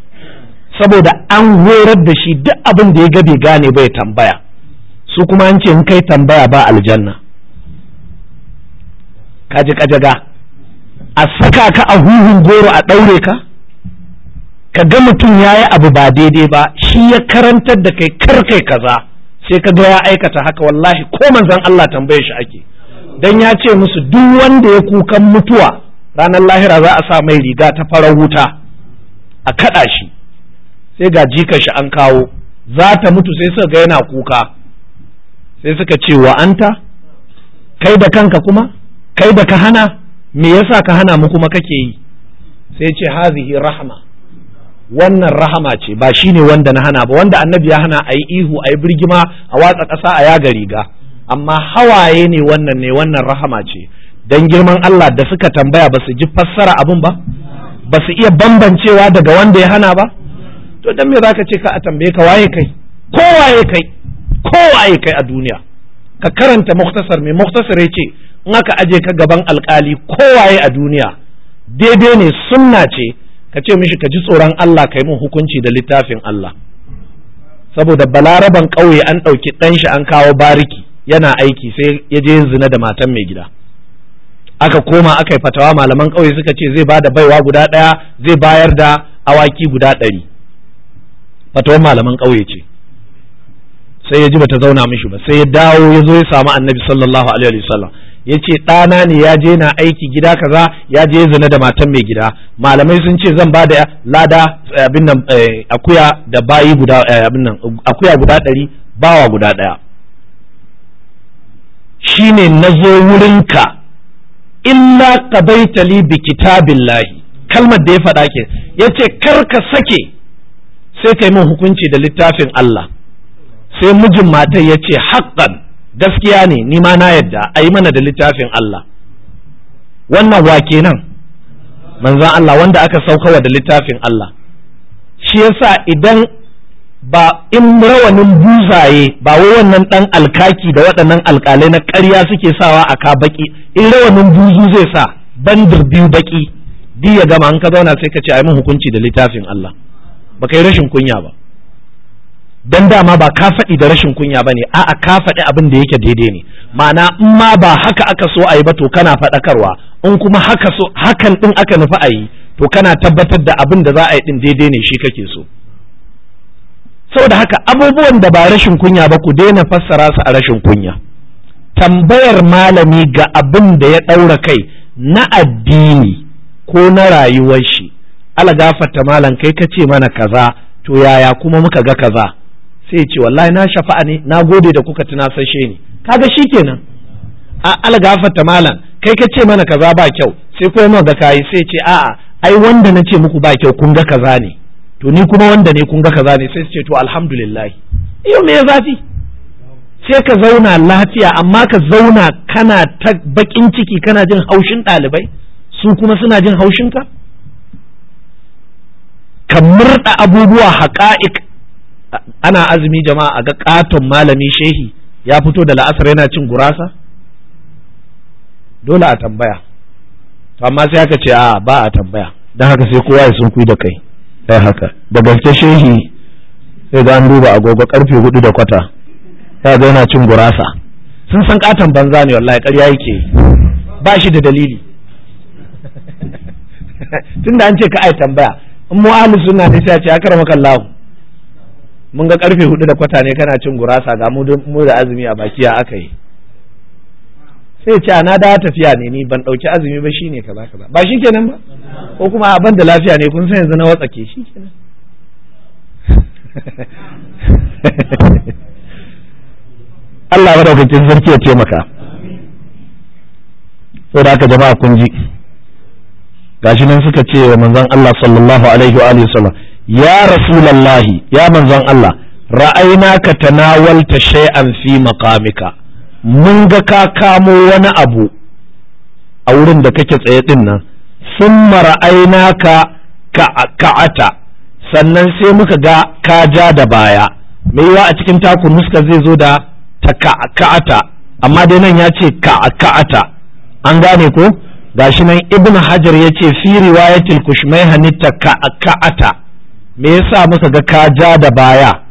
saboda an horar da shi duk abin da ya ga bai gane bai tambaya su kuma an ce in kai tambaya ba aljanna kaji kajaga a saka ka a huhun goro a ɗaure ka ka ga mutum ya yi abu ba daidai ba shi ya karantar da kai kar kai kaza sai ka ga ya aikata haka wallahi ko manzon Allah tambaye shi ake dan ya ce musu duk wanda ya kukan mutuwa ranar lahira za a sa mai riga ta farar wuta a kaɗa shi sai ga jika shi an kawo za ta mutu sai suka ga yana kuka sai suka ce wa anta kai da kanka kuma kai da ka hana me yasa ka hana mu kuma kake yi sai ce hazihi rahama. wannan rahama ce ba shi ne wanda na hana ba wanda annabi ya hana a yi ihu a yi birgima a watsa ƙasa a yaga riga amma hawaye ne wannan ne wannan rahama ce don girman Allah da suka tambaya ba su ji fassara abin ba ba su iya bambancewa daga wanda ya hana ba to dan me za ka ce ka a tambaye ka waye kai ko waye kai ko waye kai a duniya ka karanta muktasar mai muktasar ya ce in aka aje ka gaban alkali ko waye a duniya daidai ne sunna ce ka ce mishi ka ji tsoron Allah kai mun hukunci da littafin Allah saboda balaraban ƙauye an ɗauki ɗan shi an kawo bariki yana aiki sai ya je zina da matan mai gida aka koma aka yi fatawa malaman ƙauye suka ce zai ba da baiwa guda ɗaya zai bayar da awaki guda ɗari fatawar malaman ƙauye ce sai ya ji bata zauna mishi ba sai ya dawo ya zo ya samu annabi sallallahu alaihi wasallam ya ce ɗana ne ya je na aiki gida kaza ya je zina da matan mai gida malamai sun ce zan ba da lada eh, abin nan eh, akuya da bayi guda eh, abin nan akuya guda ɗari bawa guda ɗaya shine na zo wurinka illa qabaita li bi kitabillahi kalmar da ya faɗa ke yace kar ka sake sai kai min hukunci da littafin Allah sai mijin matar yace haqqan gaskiya ne ni ma na yadda ayi mana da littafin Allah wannan wa kenan manzon Allah wanda aka saukawa da littafin Allah shi yasa idan ba in rawanin buzaye ba wai wannan dan alkaki da waɗannan alkalai na ƙarya suke sawa a ka baki in rawanin buzu zai sa bandir biyu baki duk ya gama an ka zauna sai ka ce ai mun hukunci da littafin Allah ba kai rashin kunya ba dan dama ba ka faɗi da rashin kunya ba ne a'a ka faɗi abin da yake daidai ne ma'ana in ma ba haka aka so ayi ba to kana faɗakarwa in kuma haka so hakan ɗin aka nufi ayi to kana tabbatar da abin da za a yi din daidai ne shi kake so saboda haka abubuwan da ba rashin kunya ba ku daina fassara su a rashin kunya tambayar malami ga abin da ya ɗaura kai na addini ko na rayuwar shi alagafarta malam kai ka ce mana kaza to yaya kuma muka ga kaza sai ce wallahi na shafa'a ne na gode da kuka tunasashe ni kaga shikenan a gafata malam kai ka ce mana kaza ba kyau sai kuma muka ga kai sai ce a'a ai wanda na ce muku ba kyau kun ga kaza ne to ni kuma wanda ne kun ga kaza ne sai su ce to alhamdulillah iyo me zafi sai ka zauna lafiya amma ka zauna kana ta bakin ciki kana jin haushin ɗalibai su kuma suna jin haushin ka ka murda abubuwa haqa'iq ana azumi jama'a a ga ƙaton malami shehi ya fito da la'asar yana cin gurasa dole a tambaya amma sai aka ce a ba a tambaya don haka sai kowa ya sun da kai sai haka da gaske shehi sai da an duba agogo karfe hudu da kwata ya ga yana cin gurasa sun san katon banza ne wallahi karya yake ba shi da dalili tun da an ce ka ai tambaya in mu ahli sunna ne sai a ce akara maka Allah mun ga karfe hudu da kwata ne kana cin gurasa ga mu da azumi a baki ya aka yi sai ce na da tafiya ne ni ban dauki azumi ba shine kaza kaza ba shikenan ba ko kuma a ban da lafiya ne kun san yanzu na watsake shikenan Allah madaukakin sarki ya ce maka da aka jama'a kun ji gashi nan suka ce wa manzon Allah sallallahu alaihi wa alihi wasallam ya rasulullahi ya manzon Allah ka tanawalta shay'an fi maqamika mun ga ka kamo wani abu a wurin da kake tsaye din nan sun mara'aina ka ka'ata sannan sai muka ga ka ja da baya mai yiwa a cikin takun muska zai zo da ta ka'ata amma dai nan ya ce ka'ata an gane ko gashi nan ibn hajar ya ce fi riwayatil hannu ta ka'ata me yasa muka ga ka ja da baya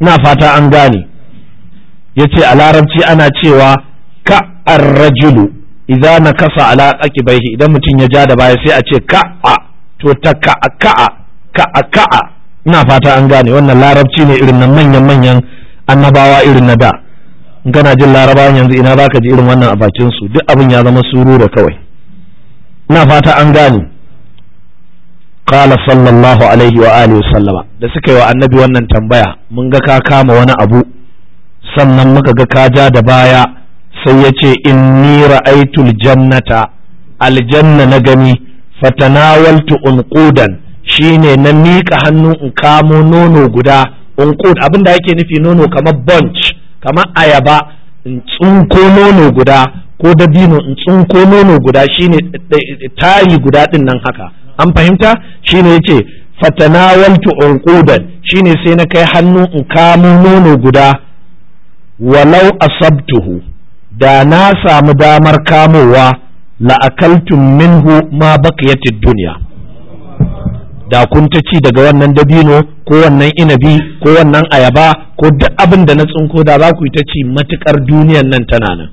ina fata an gane yace a larabci ana cewa ka ar-rajulu idza nakasa ala aqibaihi idan mutum ya ja da baya sai a ce ka'a to ta ka'a ka'a ka a ina fata an gane wannan larabci ne irin na manyan manyan annabawa irin na da in kana jin larabawan yanzu ina zaka ji irin wannan a bakin su duk abin ya zama surura kawai ina fata an gane qala sallallahu alaihi wa alihi wa sallama da suka yi wa annabi wannan tambaya mun ga ka kama wani abu sannan muka ga kaja da baya sai ya ce in ni ra'aitul jannata aljanna na gani fatanawaltu unqudan shine na miƙa hannu in kamo nono guda unqud abinda yake nufi nono kamar bunch kamar ayaba in tsunko nono guda ko dabino in tsunko nono guda shine tayi guda din nan haka an fahimta shine yace fatanawaltu unqudan shine sai na kai hannu in kamo nono guda walau asabtuhu da na samu damar kamowa la'akaltum minhu ma baqiyatid dunya da kun ta ci daga wannan dabino ko wannan inabi ko wannan ayaba ko duk abin da na tsinko da za ku yi ta ci matukar duniyan nan tana nan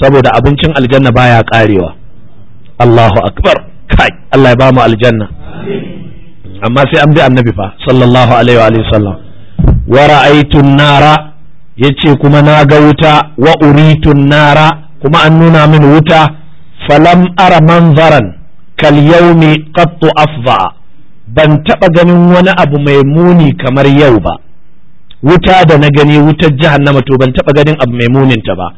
saboda abincin aljanna baya karewa Allahu akbar kai Allah ya ba mu aljanna amma sai an bi annabi fa sallallahu alaihi wa sallam wa ra'aytun nara yace kuma na ga wuta wa uritun nara kuma an nuna min wuta falam ara manzaran kal yaumi qattu afza ban taba ganin wani abu mai muni kamar yau ba wuta da na gani wutar jahannama to ban taba ganin abu mai munin ta ba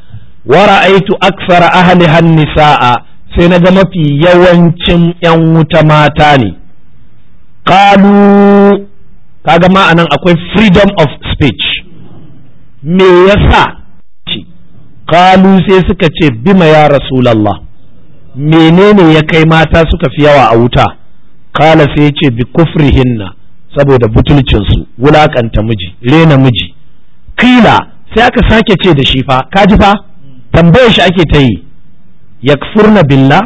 wa ra'aitu aksara ahli sa'a, sai na ga mafi yawancin yan wuta mata ne kalu kaga ma'anan anan akwai freedom of speech me yasa ce kalu sai suka ce bima ya rasulallah menene ya kai mata suka fi yawa a wuta kala sai ce bi kufrihinna saboda butulcinsu wulakanta miji rena miji kila sai aka sake ce da shi fa kaji fa tambayar shi ake ta yi yakfurna billah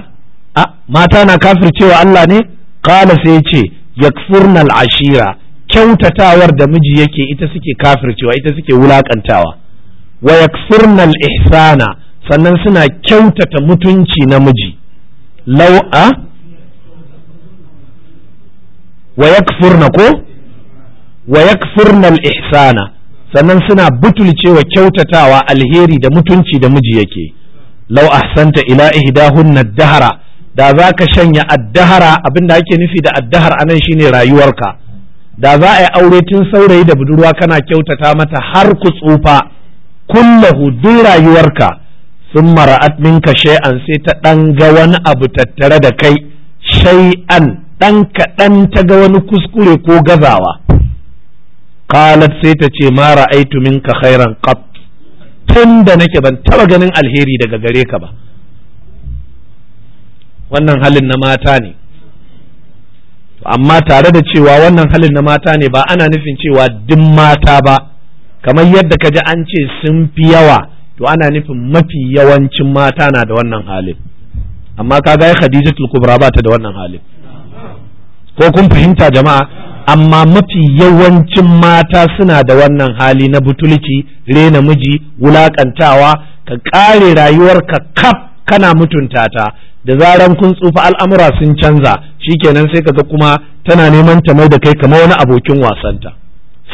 a mata na kafircewa Allah ne kala sai ce yakfurna al'ashira kyautatawar da miji yake ita suke kafircewa ita suke wulakantawa wa yakfurna al-ihsana sannan suna kyautata mutunci namiji lau'a wa yakfurna ko wa yakfurna al-ihsana sannan suna butulcewa kyautatawa alheri da mutunci da miji yake law ahsanta ila ihdahunna ad-dahra da zaka shanya ad-dahra abinda ake nufi da ad anan shine rayuwarka da za a yi aure tun saurayi da budurwa kana kyautata mata har ku tsufa kullahu duk rayuwarka sun mara'at minka shay'an sai ta ɗan ga wani abu tattare da kai shay'an ɗan kaɗan ta ga wani kuskure ko gazawa qalat sai ta ce ma ra'aitu minka khairan qat tun da nake ban taba ganin alheri daga gare ka ba wannan halin na mata ne amma tare da cewa wannan halin na mata ne ba ana nufin cewa duk mata ba kamar yadda ka ji an ce sun fi yawa to ana nufin mafi yawancin mata na da wannan halin amma ka ga Hadiza, kubra ba ta da wannan halin ko kun fahimta jama'a amma mafi yawancin mata suna da wannan hali na butulci rena miji wulakantawa ka kare rayuwarka kaf kana mutunta ta da zaran kun tsufa al'amura sun canza shikenan sai kaga kuma tana neman ta mai da kai kamar wani abokin wasanta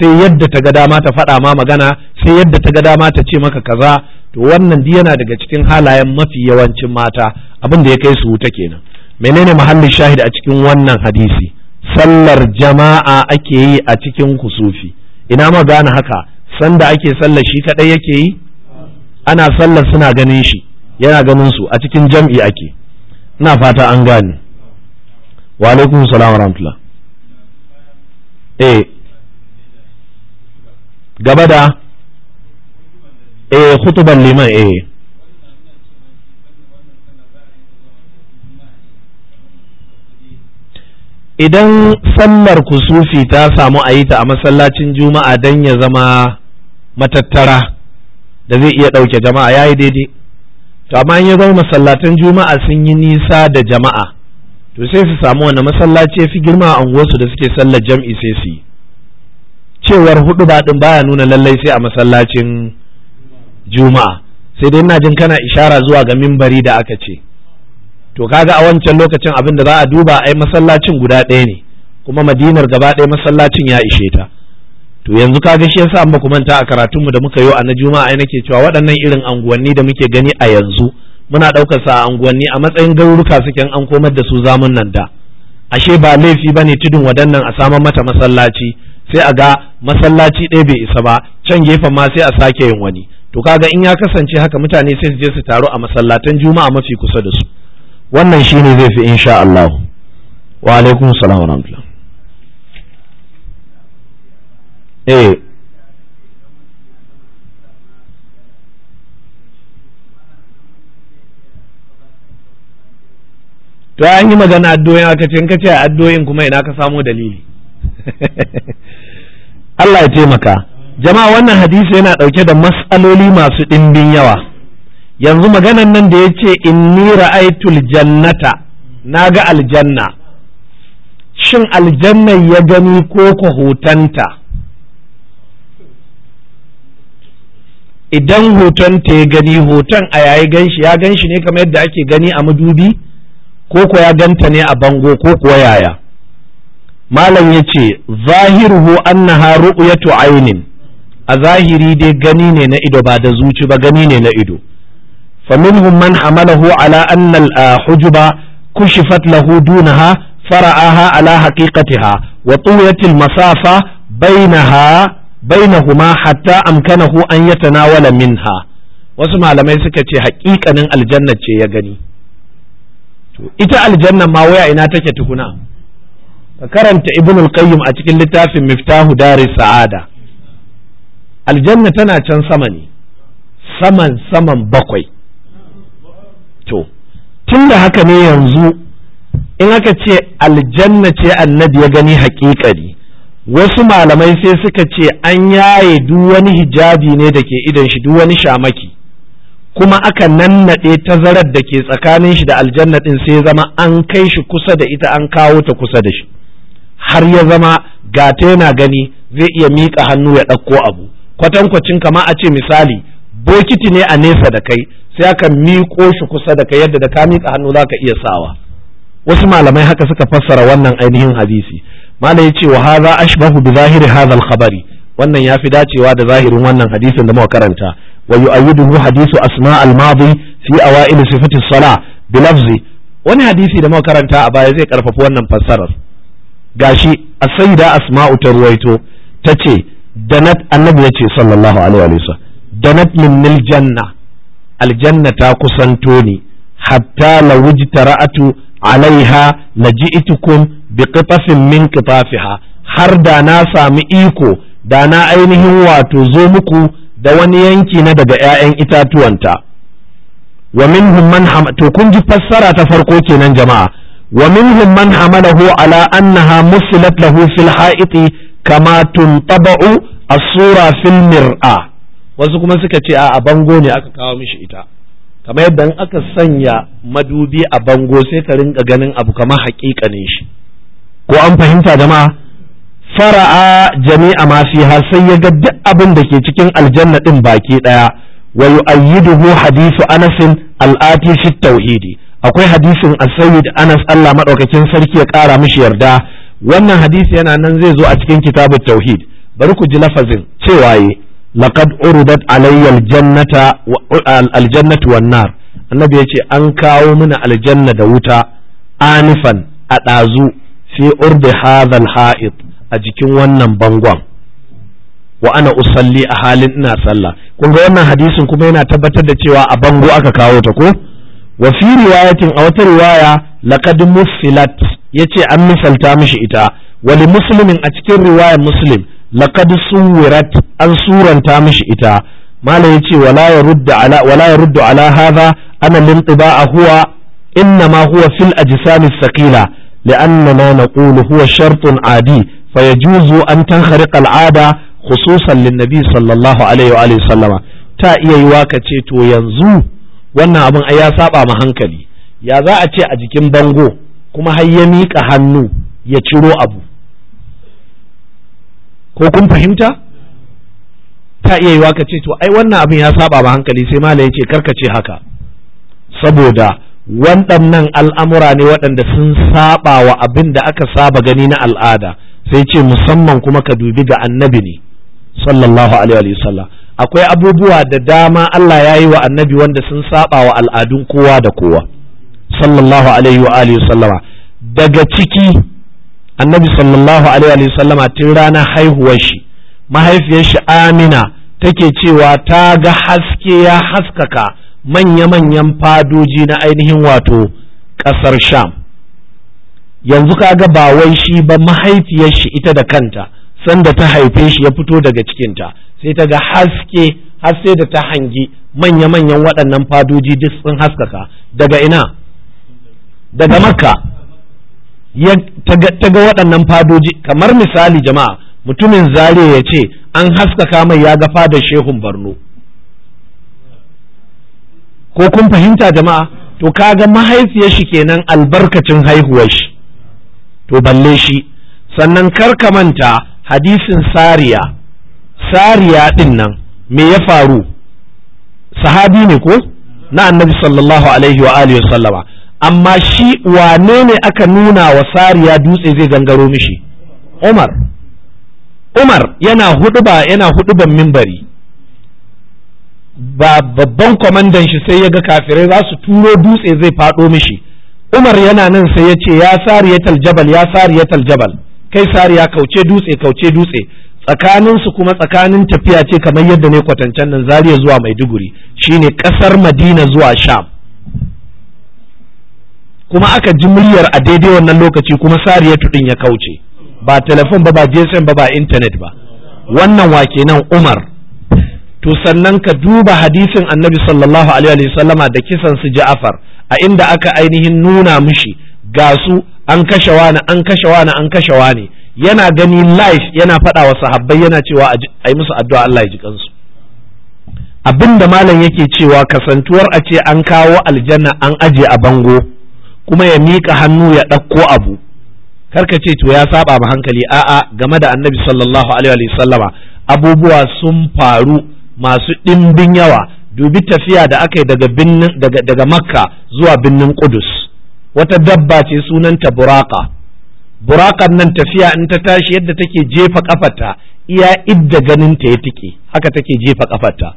sai yadda ta ga dama ta faɗa ma magana sai yadda ta ga dama ta ce maka kaza to wannan duk yana daga cikin halayen mafi yawancin mata abin da ya kai su wuta kenan menene muhallin shahid a cikin wannan hadisi sallar jama'a ake yi a cikin kusufi ina ma gane haka sanda ake sallar shi kadai yake yi ana sallar suna ganin shi yana ganin su a cikin jam'i ake ina fata an gane wa alaikum salam wa rahmatullah eh gaba da eh khutuban liman eh. idan sallar kusufi ta samu a yi ta a masallacin juma'a don ya zama matattara da zai iya ɗauke jama'a ya yi daidai to amma in ya zama masallatan juma'a sun yi nisa da jama'a to sai su samu wani masallaci ya fi girma a unguwarsu da suke sallar jam'i sai su yi cewar hudu ba din baya nuna lallai sai a masallacin juma'a sai dai ina jin kana ishara zuwa ga mimbari da aka ce to kaga a wancan lokacin abin da za a duba ai masallacin guda ɗaya ne kuma madinar gaba ɗaya masallacin ya ishe ta to yanzu ka ga shi yasa ba ku manta a karatunmu da muka yi a na juma'a ai nake cewa waɗannan irin anguwanni da muke gani a yanzu muna ɗaukar sa a unguwanni a matsayin garuruka suke an komar da su zamun nan da ashe ba laifi ba ne tudun wadannan a samar mata masallaci sai a ga masallaci ɗaya bai isa ba can gefen ma sai a sake yin wani to kaga in ya kasance haka mutane sai su je su taru a masallatan juma'a mafi kusa da su wannan shine zai fi insha Allah wa alaikum salam wa rahmatullah eh to an yi magana addu'o'in aka ce in ka ce addu'o'in kuma ina ka samo dalili Allah ya taimaka jama'a wannan hadisi yana ɗauke da matsaloli masu ɗimbin yawa yanzu maganan nan da ya ce inni ra'aitul jannata na ga aljanna shin Aljanna ya gani ko kohotanta idan hotonta ya gani hoton a yayi ganshi ya ganshi ne kamar yadda ake gani a madubi ko kuwa ya ganta ne a bango ko kuwa yaya malam ya ce zahiruhu annaha ru'yatu aynin a zahiri dai gani ne na ido ba da zuci ba gani ne na ido fa minhum man hamalahu ala anna al hujuba kushifat lahu dunaha fara'aha ala haqiqatiha wa tuwiyat al masafa bainaha bainahuma hatta amkanahu an yatanawala minha wasu malamai suka ce hakikanin aljanna ce ya gani ita aljanna ma waya ina take tukuna ka karanta ibn al a cikin littafin miftahu dari sa'ada aljanna tana can sama ne saman saman bakwai to tun da haka ne yanzu in aka ce aljanna ce annabi ya gani haƙiƙari wasu malamai sai suka ce an yaye duk wani hijabi ne da ke idan shi duk wani shamaki kuma aka nannaɗe tazarar da ke tsakanin shi da aljanna ɗin sai zama an kai shi kusa da ita an kawo ta kusa da shi har ya zama gata yana gani zai iya miƙa hannu ya ɗauko abu kwatankwacin kama a ce misali bokiti ne a nesa da kai sai aka miƙo shi kusa da kai yadda da ka miƙa hannu za ka iya sawa wasu malamai haka suka fassara wannan ainihin hadisi malai ce wa hadha ashbahu bi zahiri hadha al-khabari wannan fi dacewa da zahirin wannan hadisin da muka karanta wa yu'ayyiduhu hadithu asma al-madi fi awail sifati as-salah bi lafzi wani hadisi da muka karanta a baya zai karfafa wannan fassarar gashi as-sayyida asma'u ta ruwaito tace danat annabi yace sallallahu alaihi wa sallam danat min janna aljanna ta kusanto ni hatta lawujta ra'atu alaiha laji'tukum bi qitafin min qitafiha har da na sami iko da na ainihin wato zo muku da wani yanki na daga 'ya'yan itatuwanta wa minhum man to kun ji fassara ta farko kenan jama'a wa minhum man hamalahu ala annaha musilat lahu fil ha'iti kama tuntaba'u a sura fil mir'a wasu kuma suka ce a bango ne aka kawo mishi ita Kama yadda aka sanya madubi a bango sai ka ringa ganin abu kamar ne shi ko an fahimta jama'a fara'a jami'a ma fiha sai ya ga duk abin da ke cikin aljanna din baki daya wa yu'ayyiduhu hadithu Anas al-ati fi tauhidi akwai hadisin as-sayyid Anas Allah madaukakin sarki ya kara mishi yarda wannan hadisi yana nan zai zo a cikin kitabut tauhid bari ku ji lafazin cewa yi laqad uridat alayya al-jannata al-jannatu wan-nar annabi yace an kawo mana aljanna da wuta anifan a ɗazu fi urdi hadha al-ha'id a jikin wannan bangon wa ana usalli a halin ina sallah kun ga wannan hadisin kuma yana tabbatar da cewa a bango aka kawo ta ko wa fi riwayatin a wata riwaya laqad mufsilat yace an misalta mishi ita wali muslimin a cikin riwayar muslim laqad suwirat an suranta mishi ita malam yace wala yaruddu ala wala yaruddu ala hadha ana lintiba'a huwa inma huwa fil ajsam as-saqila لأن ما نقول هو شرط عادي fa juzo an tankhariqa al'ada khususan lin sallallahu alaihi wa alihi sallama ta iya yiwa ka ce to yanzu wannan abin ya saba ma hankali ya za a ce a jikin bango kuma har ya miƙa hannu ya ciro abu ko kun fahimta ta iya yiwa ka ce to ai wannan abin ya saba ma hankali sai mala ya ce karka ce haka saboda waɗannan al'amura ne waɗanda sun saɓa wa abin da aka saba gani na al'ada sai ce musamman kuma ka dubi ga annabi ne sallallahu alaihi sallam akwai abubuwa da dama Allah ya yi wa annabi wanda sun saba wa al'adun kowa da kowa sallallahu alaihi sallama daga ciki annabi sallallahu alaihi sallama tun ranar haihuwar shi mahaifiyar shi Amina take cewa ta ga haske ya haskaka manya-manyan fadoji na ainihin wato ƙasar Sham yanzu kaga ba wai shi ba mahaifiyar shi ita da kanta sanda ta haife shi ya fito daga cikinta sai ta ga haske har da ta hangi manya-manyan waɗannan fadoji duk sun haskaka daga ina daga makka ta ga waɗannan fadoji kamar misali jama'a mutumin zare ya ce an haskaka mai ya ga fadar shehun barno ko kun fahimta jama'a to kaga mahaifiyar shi kenan albarkacin haihuwar shi to balle shi sannan karka manta hadisin sariya sariya din nan me ya faru sahabi ne ko na annabi sallallahu alaihi wa alihi sallama amma shi wane ne aka nuna wa sariya dutse zai gangaro mishi umar umar yana huduba yana huduban mimbari ba babban kwamandan shi sai ya ga kafirai za su turo dutse zai faɗo mishi umar yana nan sai ya ce ya sariyatal jabal ya sariyatal jabal kai sariya kauce dutse kauce dutse tsakanin su kuma tsakanin tafiya ce kamar yadda ne kwatancen nan zariya zuwa maiduguri shine kasar madina zuwa sham kuma aka ji muryar a daidai wannan lokaci kuma sariya tudin ya kauce ba telefon ba ba gsm ba ba intanet ba wannan wa kenan umar to sannan ka duba hadisin annabi sallallahu alaihi sallama da kisan su ja'afar a inda aka ainihin nuna mushi, ga su an kashe wani an kashe wani an kashe wani yana gani life yana faɗa wa sahabbai yana cewa a yi musu addu'a Allah ya ji kansu abinda malam yake cewa kasantuwar a ce an kawo aljanna an aje a bango kuma ya mika hannu ya ɗauko abu karka ce to ya saba ma hankali a'a game da annabi sallallahu alaihi wasallama abubuwa sun faru masu ɗimbin yawa dubi tafiya da aka yi daga, daga, daga makka zuwa birnin kudus wata dabba ce sunanta buraka burakan nan tafiya in ta tashi yadda take jefa kafarta iya idda ganin ta ya tike haka take jefa kafarta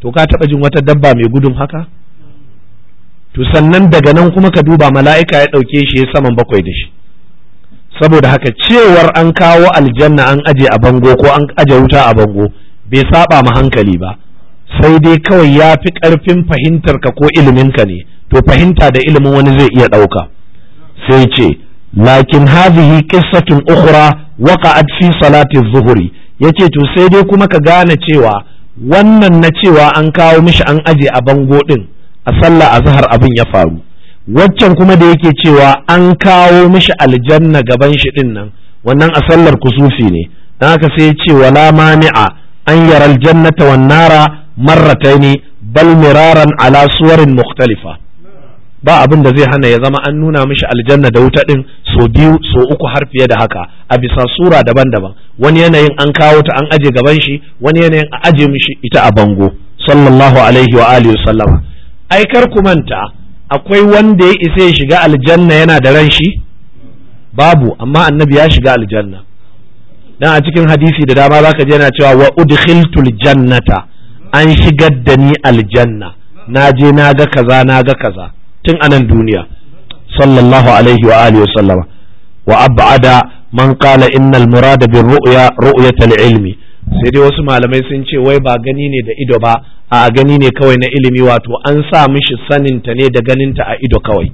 to ka taɓa jin wata dabba mai gudun haka to sannan daga nan kuma ka duba mala'ika ya ɗauke shi ya saman bakwai da shi saboda haka cewar an kawo aljanna an aje a bango ko an aje wuta a bango bai saba ma hankali ba sai dai kawai ya fi ƙarfin fahimtarka ka ko iliminka ne to fahimta da ilimin wani zai iya ɗauka sai ce lakin hazihi qissatun ukhra waqa'at fi salati zuhuri yace to sai dai kuma ka gane cewa wannan na cewa an kawo mishi an aje a bango din a sallah azhar abin ya faru waccan kuma da yake cewa an kawo mishi aljanna gaban shi din nan wannan a sallar kusufi ne dan haka sai ya ce wala mani'a an yara aljannata wan nara marrataini bal miraran ala suwarin mukhtalifa ba abin da zai hana ya zama an nuna mishi aljanna da wuta din so biyu so uku har fiye da haka a bisa sura daban-daban wani yanayin an kawo ta an aje gaban shi wani yanayin a aje mishi ita a bango sallallahu alaihi wa alihi sallama ai kar ku manta akwai wanda ya isa ya shiga aljanna yana da ran shi babu amma annabi ya shiga aljanna dan a cikin hadisi da dama zaka je yana cewa wa udkhiltul jannata an shigar da ni aljanna na je na ga kaza na ga kaza tun anan duniya sallallahu alaihi wa alihi wa sallama wa ab'ada man qala innal murada bir ru'ya ru'yatul ilmi sai dai wasu malamai sun ce wai ba gani ne da ido ba a gani ne kawai na ilimi wato an sa mishi saninta ne da ganinta a ido kawai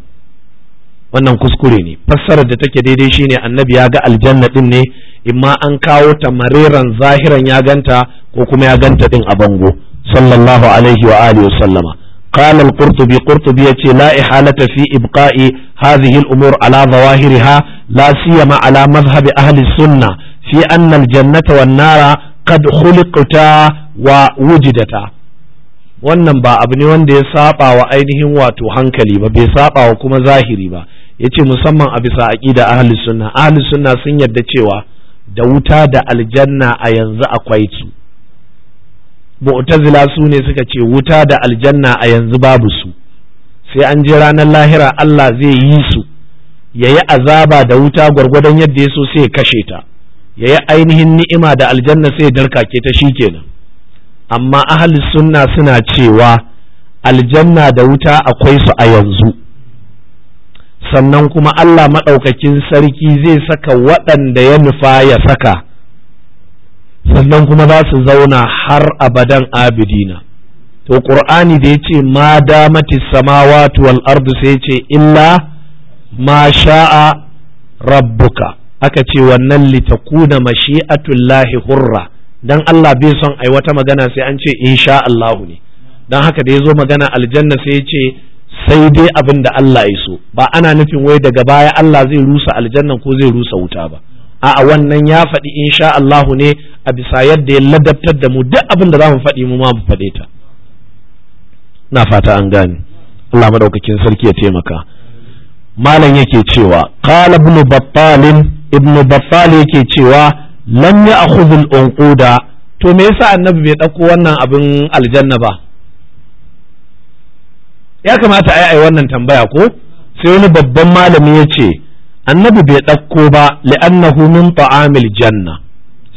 wannan kuskure ne fassarar da take daidai shine annabi ya ga aljanna din ne imma an kawo ta mareran zahiran ya ganta ko kuma ya ganta din a bango sallallahu alaihi wa alihi wa sallama قال القرطبي Ibqai لا إحالة umur ala هذه الأمور على ظواهرها لا سيما على مذهب أهل السنة في kad الجنة والنار قد خلقتا ووجدتا wannan ba abu ne wanda ya saba wa ainihin wato hankali ba bai saba wa kuma zahiri ba Ya ce musamman a bisa aƙida ahli sunna ahli sunna sun yarda cewa da wuta da aljanna a yanzu akwai su mu'tazila su ne suka ce wuta da aljanna a yanzu babu su sai an je ranar lahira Allah zai yi su ya yi azaba da wuta gwargwadon yadda ya so sai ya kashe ta ya yi ainihin ni'ima da aljanna sai ya darkake ta shi shikenan amma ahli sunna suna cewa aljanna da wuta akwai su a yanzu sannan kuma Allah maɗaukakin sarki zai saka waɗanda ya nufa ya saka sannan kuma za su zauna har abadan abidina to ƙur'ani da ya ce ma damati samawati wal ardu sai ce illa ma sha'a rabbuka aka ce wannan litakuna mashi'atullahi hurra dan Allah bai son ai wata magana sai an ce insha Allahu ne dan haka da ya zo magana aljanna sai ya ce sai dai abin da Allah ya so ba ana nufin wai daga baya Allah zai rusa Aljanna ko zai rusa wuta ba a'a wannan ya faɗi insha Allahu ne a bisa yadda ya ladabtar da mu duk abin da za mu faɗi mu ma mu faɗe ta na fata an gane Allah madaukakin sarki ya taimaka malam yake cewa qala ibn battal ibn battal yake cewa lam ya'khudh al-unquda to me yasa annabi bai dauko wannan abin aljanna ba ya kamata a yi wannan tambaya ko sai wani babban malami ya ce annabi bai ɗauko ba li'annahu min ta'amil janna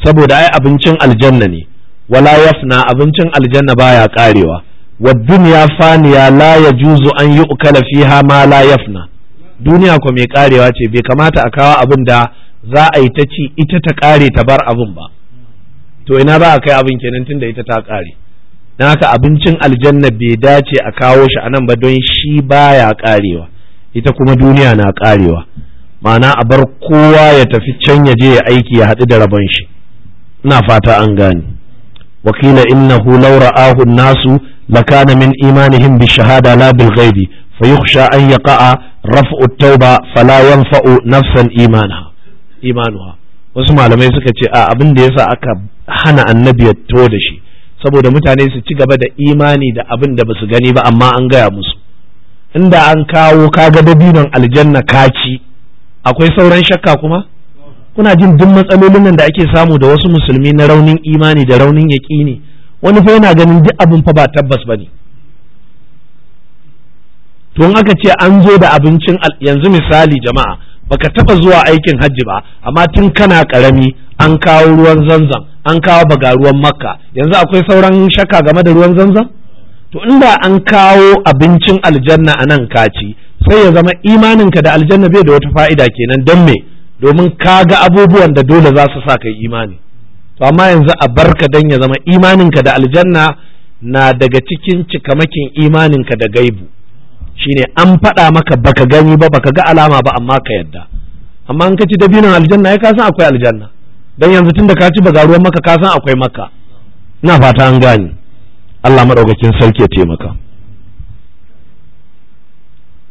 saboda ai abincin aljanna ne wala yafna abincin aljanna baya karewa wa duniya faniya la yajuzu an yu'kala fiha ma la yafna duniya ko mai karewa ce bai kamata a kawo abin da za a yi ta ci ita ta kare ta bar abin ba to ina ba a kai abin kenan tun da ita ta kare don haka abincin aljanna bai dace a kawo shi a nan ba don shi baya karewa ita kuma duniya na karewa ma'ana a bar kowa ya tafi can ya je ya aiki ya haɗu da rabon shi ina fata an gane wakila innahu law ra'ahu nasu lakana min imanihim bi shahada la bil ghaibi fa yukhsha an yaqa'a raf'u tauba fala yanfa'u nafsan imanaha imanuha wasu malamai suka ce a abin da yasa aka hana annabi ya to da shi saboda mutane su ci gaba da imani da abin da basu gani ba amma an gaya musu inda an kawo kaga dabinon aljanna kaci akwai sauran shakka kuma kuna jin duk matsalolin nan da ake samu da wasu musulmi na raunin imani da raunin yaƙini wani fa yana ganin duk abin fa ba tabbas bane to in aka ce an zo da abincin yanzu misali jama'a baka taba zuwa aikin hajji ba amma tun kana karami an kawo ruwan zanzan an kawo baga ruwan makka yanzu akwai sauran shaka game da ruwan zanzan. to inda an kawo abincin aljanna a nan kaci sai ya zama imaninka da aljanna bai da wata fa'ida kenan don me domin ka ga abubuwan da dole za su sa kai imani to amma yanzu a barka don ya zama imaninka da aljanna na daga cikin cikamakin imaninka da gaibu shine an faɗa maka baka gani ba baka ga alama ba amma ka yadda amma an ka ci dabinan aljanna ya kasan akwai aljanna dan yanzu tun da ka ci ruwan maka ka san akwai maka na fata an gane Allah madaukakin sarki ya taimaka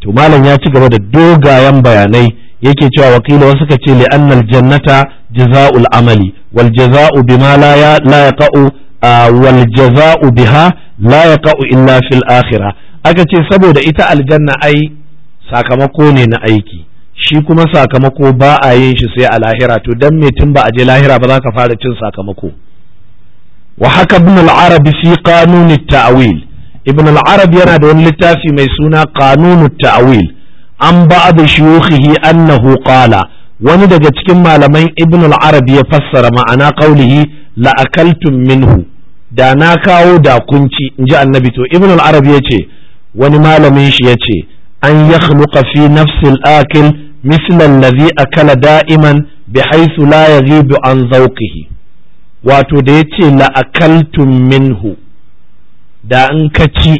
to malam ya ci gaba da dogayen bayanai yake cewa wakila wasu ka ce li'annal jannata jaza'ul amali wal jaza'u bima la ya la yaqa'u wal jaza'u biha la yaqa'u illa fil akhirah aka ce saboda ita aljanna ai sakamako ne na aiki shi kuma sakamako ba a yin shi sai a lahira to dan me tun ba a je lahira ba za ka fara cin sakamako wa haka ibn al-arab fi qanun at-ta'wil ibn al-arab yana da wani littafi mai suna qanun at-ta'wil an ba'd shuyukhihi annahu qala wani daga cikin malaman ibn al-arab ya fassara ma'ana qawlihi la akaltum minhu da na kawo da kunci inji annabi to ibn al-arab yace wani malamin shi yace an yakhluqa fi nafsil akil mislan lazi akala da'iman bi haythu la yaghibu an zawqihi wato da yace la akaltum minhu da in ka ci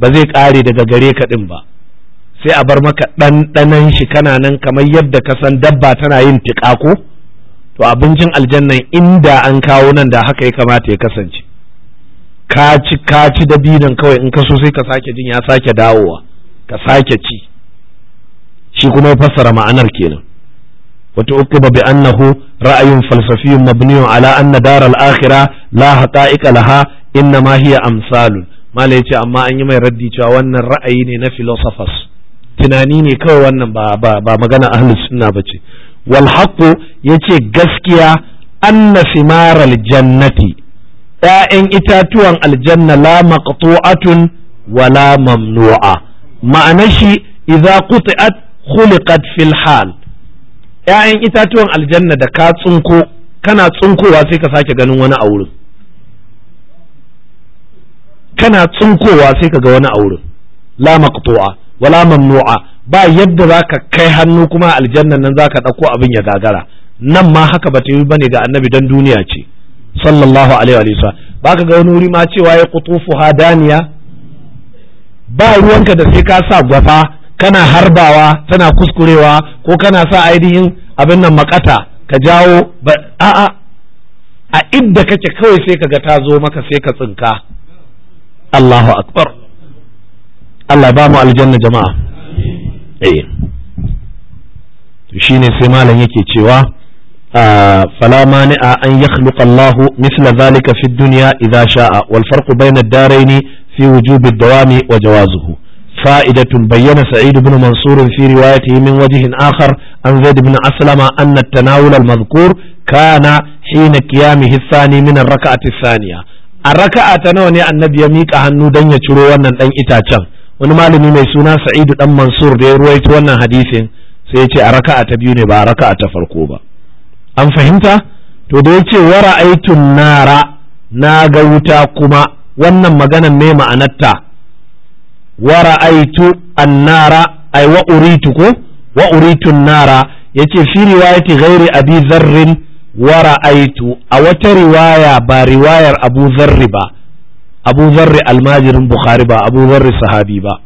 ba zai kare daga gare ka ba sai a bar maka ɗanɗanon shi kana nan kamar yadda ka san dabba tana yin tiƙa ko to abincin aljannan inda an kawo nan da haka ya kamata ya kasance ka ci ka ci dabinan kawai in ka so sai ka sake jin ya sake dawowa ka sake ci shi kuma ya fassara ma'anar kenan wata uku bi annahu ra'ayin falsafiyun mabniyun ala anna daral akhirah la haqa'iqa laha inna ma hiya amsalun mala yace amma an yi mai raddi cewa wannan ra'ayi ne na philosophers tunani ne kawai wannan ba ba, ba magana ahlus sunna bace wal haqqu yace gaskiya anna simaral jannati ‘ya'yan itatuwan aljanna la maqtu'atun wala mamnu'a Ma'anar shi idza quti'at khuliqat fil hal Ya'yan itatuwan aljanna da ka tsunko kana tsunkowa sai ka sake ganin wani a wurin kana tsunkowa sai ka ga wani a wurin la maqtu'a wala mamnu'a ba yadda zaka kai hannu kuma aljannan nan zaka dauko abin ya gagara nan ma haka ba ta yi bane ga annabi dan duniya ce sallallahu alaihi wa sallam baka ga wani wuri ma cewa ya qutufu hadaniya ba ruwanka da sai ka sa gwafa kana harbawa tana kuskurewa ko kana sa ainihin abin nan makata ka jawo ba a'a a inda kake kawai sai kaga ta zo maka sai ka tsinka Allahu akbar Allah ba mu aljanna jama'a eh to shine sai malam yake cewa فلا مانع أن يخلق الله مثل ذلك في الدنيا إذا شاء والفرق بين الدارين في وجوب الدوام وجوازه فائدة بين سعيد بن منصور في روايته من وجه آخر عن زيد بن أسلم أن التناول المذكور كان حين قيامه الثاني من الركعة الثانية الركعة تنوني النبي يميك أهنو دن يشرو أن دن إتاچا ونمالي ميسونا سعيد بن منصور دي رويت وانا حديث سيتي الركعة تبيوني با ركعة فرقوبة أم فهمت؟ تدوتي ورأيت النار ناغوتا كما wannan maganan me ma'anarta wa ra'aitu annara ay wa uritu ko wa yace fi riwayati ghairi abi dharrin wa ra'aitu a wata riwaya ba riwayar abu dharri ba abu dharri almajirin bukhari ba abu sahabi ba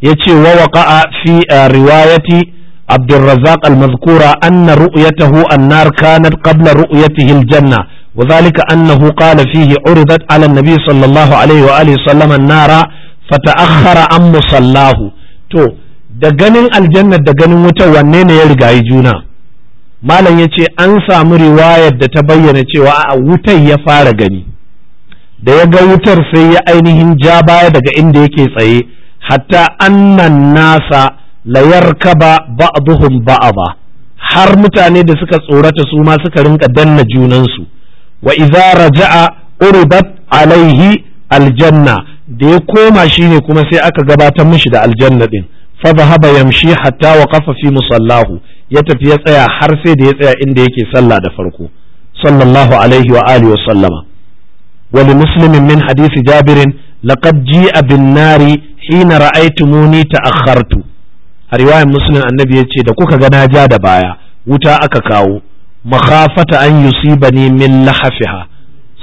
yace wa waqa'a fi eh, riwayati عبد الرزاق المذكورة أن رؤيته النار كانت قبل رؤيته الجنة وذلك أنه قال فيه عرضت على النبي صلى الله عليه وآله وسلم النار fata'akhkhara an musallahu to da ganin aljanna da ganin wutar wanne ne ya rigayi juna malam ya ce an samu riwayar da ta bayyana cewa a wutar ya fara gani da ya ga wutar sai ya ainihin ja baya daga inda yake tsaye hatta annan nasa layarkaba kaba ba'duhum ba'aba har mutane da suka tsorata su ma suka rinka danna junansu wa idza raja'a uribat alaihi aljanna da ya koma shi ne kuma sai aka gabatar mishi da aljanna din fa yamshi hatta wa fi musallahu ya tafi ya tsaya har sai da ya tsaya inda yake sallah da farko sallallahu alaihi wa alihi wa sallama wa li muslimin min hadisi jabirin laqad ji'a bin nari hina ra'aytumuni ta'akhartu a riwayar muslim annabi yace da kuka ga na ja da baya wuta aka kawo makhafata an yusibani min lahafiha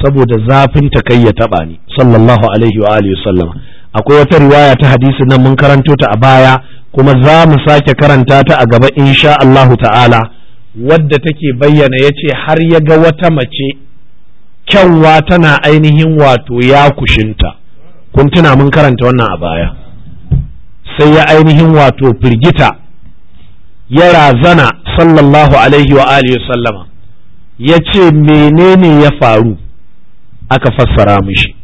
saboda zafin ta kai ya taba ni sallallahu alaihi wa alihi sallama akwai wata riwaya ta hadisi nan mun karanto ta a baya kuma za mu sake karanta ta a gaba insha Allahu ta'ala wadda take bayyana yace har ya ga wata mace kyanwa tana ainihin wato ya kushinta kun tuna mun karanta wannan a baya sai ya ainihin wato firgita ya razana sallallahu alaihi wa alihi sallama ya menene ya faru aka fassara mishi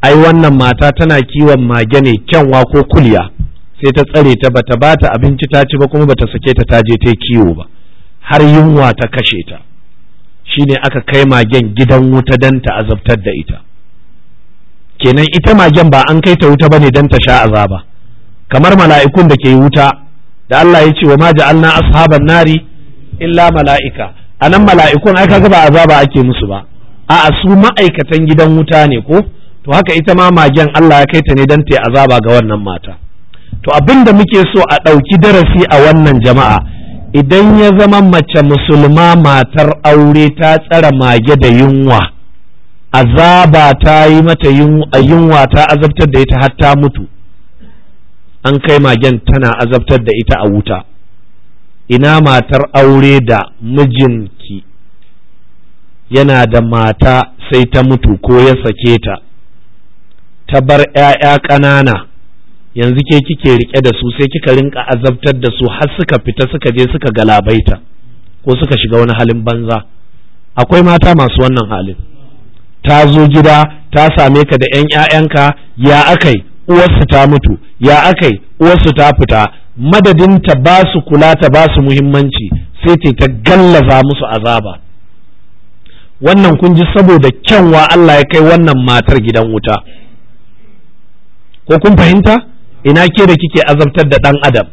ai wannan mata tana kiwon mage ne kyanwa ko kulya sai ta tsare ta bata bata abinci ta ci ba kuma bata sake ta ta je ta kiwo ba har yunwa ta kashe ta shine aka kai magen gidan wuta dan ta azabtar da ita kenan ita magen ba an kai ta wuta bane dan ta sha azaba kamar mala'ikun da ke wuta da Allah ya ce wa ma ja'alna ashaban nari illa mala'ika anan mala'ikun ai kaga ba azaba ake musu ba a'a su ma'aikatan gidan wuta ne ko to haka ita ma magen Allah ya kai ta ne don ta azaba ga wannan mata to abin da muke so a ɗauki darasi a wannan jama'a idan ya zama mace musulma matar aure ta tsara mage da yunwa azaba ta yi mata yunwa ta azabtar da ita har ta mutu an kai magen tana azabtar da ita a wuta ina matar aure da mijin yana da mata sai ta mutu ko ya sake ta ta bar ‘ya'ya ƙanana yanzu ke kike riƙe da su sai kika rinka azabtar da su har suka fita suka je suka galabaita ko suka shiga wani halin banza akwai mata masu wannan halin ta zo gida ta same ka da ‘yan ‘ya'yanka ya akai uwarsu ta mutu ya akai uwarsu ta fita madadin ta ba su kula ta ba su muhimmanci sai ta gallaza musu azaba wannan kun ji saboda kyanwa Allah ya kai wannan matar gidan wuta ko kun fahimta ina ke da kike azabtar da ɗan adam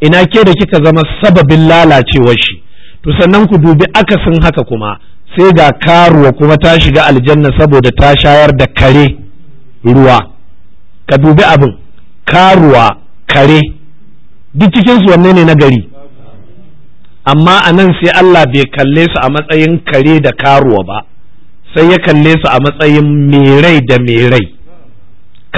ina ke da kika zama sababin lalacewar shi to sannan ku dubi akasin haka kuma sai ga karuwa kuma ta shiga aljanna saboda ta shayar da kare ruwa ka dubi abin karuwa kare duk cikinsu wanne ne na gari amma a nan sai Allah bai kalle su a matsayin kare da karuwa ba sai ya kalle su a matsayin merai da merai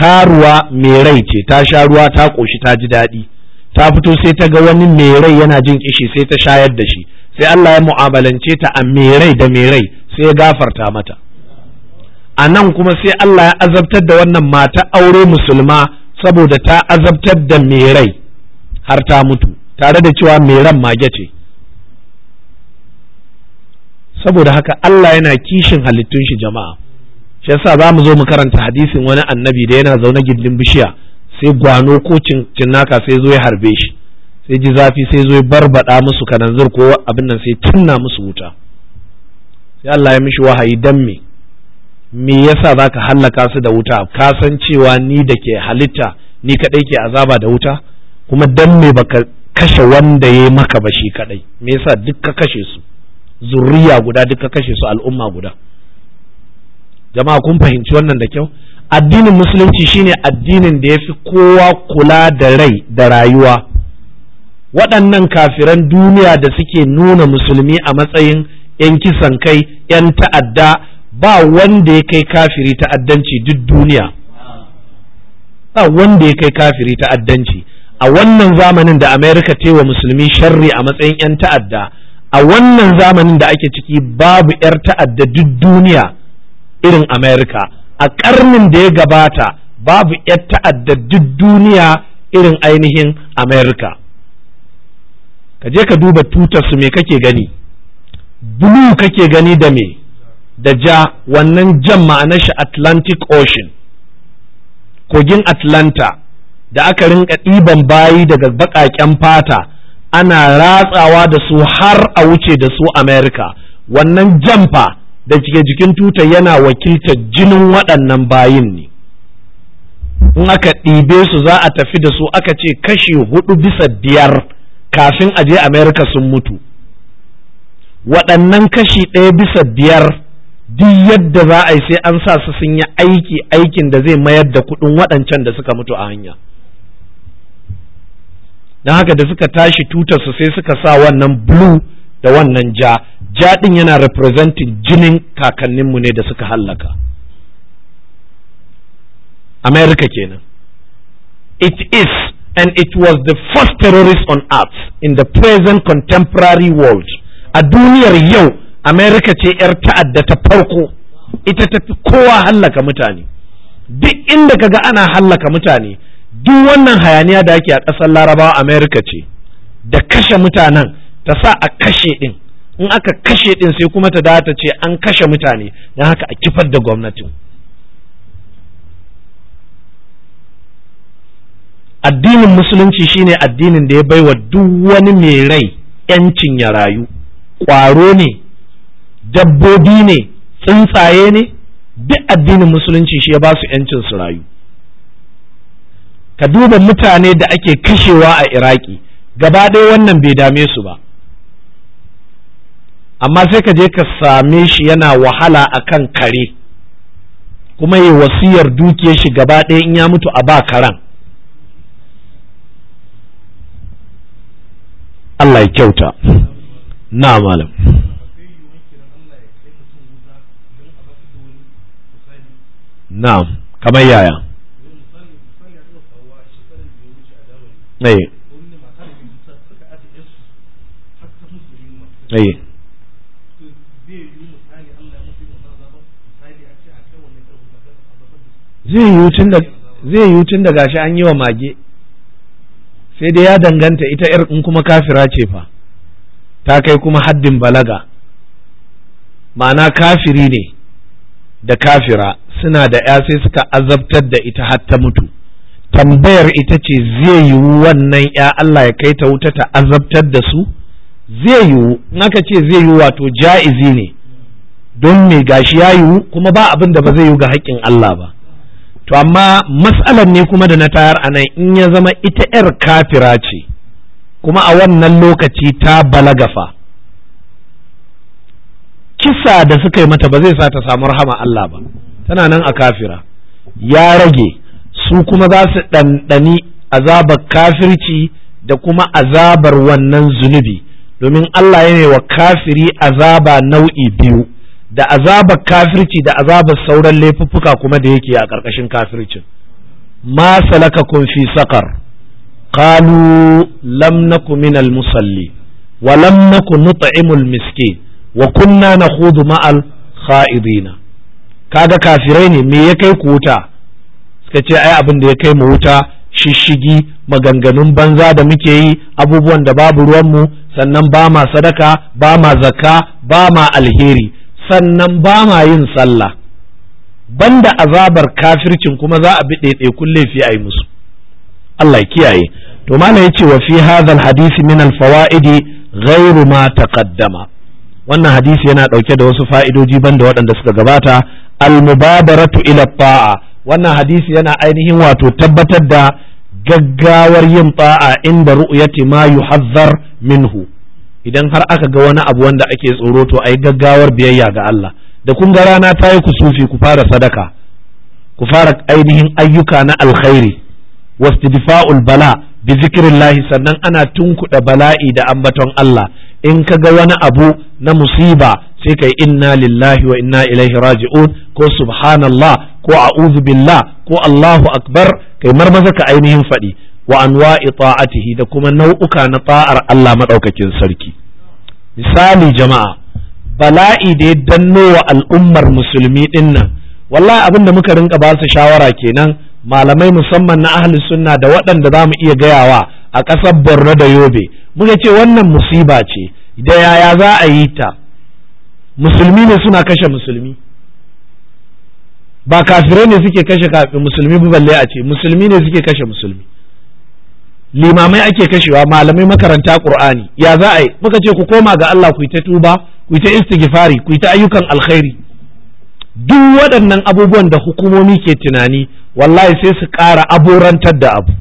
karuwa merai ce ta sha ruwa ta ƙoshi ta ji daɗi ta fito sai ta ga wani merai yana jin kishi sai ta shayar da shi sai Allah ya mu'amalance ta a merai da merai sai ya gafarta mata a nan kuma sai Allah ya azabtar da wannan mata aure musulma saboda ta azabtar da merai har ta mutu tare da cewa meran mage ce saboda haka Allah yana kishin halittun shi jama'a shi yasa za mu zo mu karanta hadisin wani annabi da yana zaune gindin bishiya sai gwano ko cinnaka sai zo ya harbe shi sai ji zafi sai zo ya barbada musu kananzir ko abin nan sai tunna musu wuta sai Allah ya mishi wahayi dan me me yasa zaka hallaka su da wuta ka san cewa ni da ke halitta ni kadai ke azaba da wuta kuma dan me baka kashe wanda ya maka ba shi kadai me yasa duk ka kashe su zurriya guda duk ka kashe su al'umma guda jama'a kun fahimci wannan da kyau addinin musulunci shine addinin da ya fi kowa kula da rai da rayuwa waɗannan kafiran duniya da suke nuna musulmi a matsayin 'yan kisan kai 'yan ta'adda ba wanda ya kai kafiri ta'addanci duk duniya ba wanda ya kai kafiri ta'addanci a wannan zamanin da amerika wa musulmi sharri a matsayin 'yan ta'adda a wannan zamanin da ake ciki babu 'yar ta'adda duk duniya irin america a karnin da ya gabata babu 'yar ta'adda duk duniya irin ainihin america ka je ka duba tutarsu me kake gani blue kake gani da me da ja wannan jan ma'anar shi atlantic ocean kogin atlanta da aka rinka ɗiban bayi daga baƙaƙen fata ana ratsawa da su har a wuce da su Amerika, wannan jamfa da cike jikin tuta yana wakiltar jinin waɗannan bayin ne in aka ɗibe su za a tafi da su aka ce kashi hudu bisa biyar kafin a je america sun mutu waɗannan kashi ɗaya bisa biyar duk yadda za a yi sai an sa su sun yi aiki aikin da zai mayar da kuɗin waɗancan da suka mutu a hanya don haka da suka tashi tutarsu sai suka sa wannan blue da wannan ja ja ɗin yana representing jinin kakanninmu ne da suka hallaka america kenan it is and it was the first terrorist on earth in the present contemporary world a duniyar yau america ce 'yar ta'adda ta farko ita tafi kowa hallaka mutane duk inda kaga ana hallaka mutane duk wannan hayaniya da ake a ƙasar larabawa Amerika ce da kashe mutanen ta sa a kashe ɗin in aka kashe ɗin sai kuma ta dawo ta ce an kashe mutane don haka a kifar da gwamnatin addinin musulunci shine addinin da ya baiwa duk wani mai rai yancin ya rayu ƙwaro ne dabbobi ne tsuntsaye ne duk addinin musulunci shi ya ba su yancin su rayu ka duba mutane da ake kashewa a iraki gaba ɗaya wannan bai dame su ba amma sai ka je ka same shi yana wahala a kan kare kuma yi wasiyar dukiyar shi gaba ɗaya in ya mutu a ba karan Allah ya kyauta na malam na kamar yaya zai yi tun da gashi an yi wa mage sai dai ya danganta ita ‘yar in kuma kafira ce fa ta kai kuma haddin balaga ma'ana kafiri ne da kafira suna da ‘ya sai suka azabtar da ita har ta mutu tambayar ita ce zai yiwu wannan ya Allah ya kai ta wuta ta azabtar da su zai yiwu in aka ce zai yiwu wato ja'izi ne don me gashi ya yiwu kuma ba abin da ba zai yiwu ga haƙƙin Allah ba to amma matsalar ne kuma da na tayar a nan in ya zama ita 'yar kafira ce kuma a wannan lokaci ta balagafa kisa da suka yi mata ba zai sa ta samu rahama Allah ba tana nan a kafira ya rage su kuma za su ɗanɗani azabar kafirci da kuma azabar wannan zunubi domin Allah ya wa kafiri azaba nau'i biyu da azabar kafirci da azabar sauran laifuffuka kuma da yake a ƙarƙashin kafircin ma salaka kun fi saƙar qalu lam naku al musalli wa lam naku nut'imul miskin wa kunna nakhudu ma'al kha'idina kaga kafirai ne me ya kai ku wuta ta ce ai abin da ya kai mu wuta shishigi maganganun banza da muke yi abubuwan da babu ruwanmu sannan ba ma sadaka ba ma zaka ba ma alheri sannan ba ma yin sallah banda azabar kafircin kuma za a bi ɗaiɗaikun laifi a yi musu Allah kiyaye to malam yace wa fi hadha hadisi min alfawaidi ghairu ma taqaddama wannan hadisi yana ɗauke da wasu fa'idoji banda waɗanda suka gabata Almubabaratu ila ta'a wannan hadisi yana ainihin wato tabbatar da gaggawar yin ba'a inda ru'yati ma yuhazzar minhu idan har aka ga wani abu wanda ake tsoro to ayi gaggawar biyayya ga Allah da kun ga rana ta yi kusufi ku fara sadaka ku fara ainihin ayyuka na alkhairi wastidfa'ul bala bi zikrillahi sannan ana tunkuɗa bala'i da ambaton Allah in ka ga wani abu na musiba sai kai inna lillahi wa inna ilaihi raji'un ko subhanallah ko a'udhu billah ko Allahu akbar kai marmaza ka ainihin faɗi wa anwa'i ta'atihi da kuma nau'uka na ta'ar Allah madaukakin sarki misali jama'a bala'i da ya danno wa al'ummar musulmi din nan wallahi abin da muka rinka ba su shawara kenan malamai musamman na ahli sunna da waɗanda za mu iya gayawa a ƙasar Borno da Yobe muka ce wannan musiba ce da yaya za a yi ta musulmi ne suna kashe musulmi ba kafirai ne suke kashe musulmi ba balle a ce musulmi ne suke kashe musulmi limamai ake kashewa malamai makaranta qur'ani ya za a yi muka ce ku koma ga Allah ku yi ta tuba ku yi ta istighfari ku yi ta ayyukan alkhairi duk waɗannan abubuwan da hukumomi ke tunani wallahi sai su ƙara aborantar da abu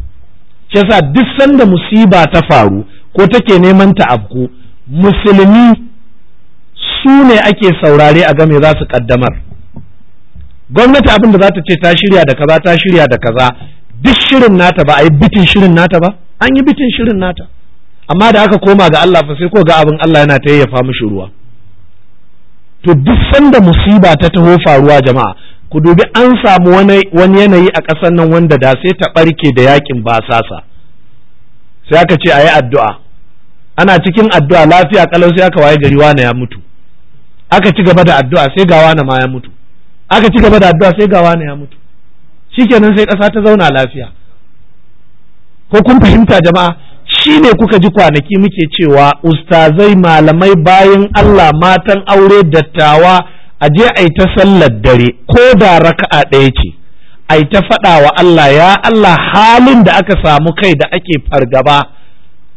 shi yasa duk sanda musiba ta faru ko take neman ta abku musulmi su ne ake saurare a game za su kaddamar gwamnati abin da za ta ce ta shirya da kaza ta shirya da kaza duk shirin nata ba a yi bitin shirin nata ba an yi bitin shirin nata amma da aka koma ga Allah fa sai ko ga abin Allah yana ta yayyafa mushi ruwa to duk sanda musiba ta taho faruwa jama'a ku dubi an samu wani yanayi a ƙasar nan wanda da sai ta ɓarke da yakin basasa sai aka ce a yi addu'a ana cikin addu'a lafiya kalau sai aka waye gari wane ya mutu aka ci gaba da addu'a sai ga wani ma ya mutu aka ci gaba da addu'a sai ga wani ya mutu shikenan sai ƙasa ta zauna lafiya ko kun fahimta jama'a shi ne kuka ji kwanaki muke cewa ustazai malamai bayan Allah matan aure dattawa a je a yi ta sallar dare ko da raka'a ɗaya ce a yi ta faɗa wa Allah ya Allah halin da aka samu kai da ake fargaba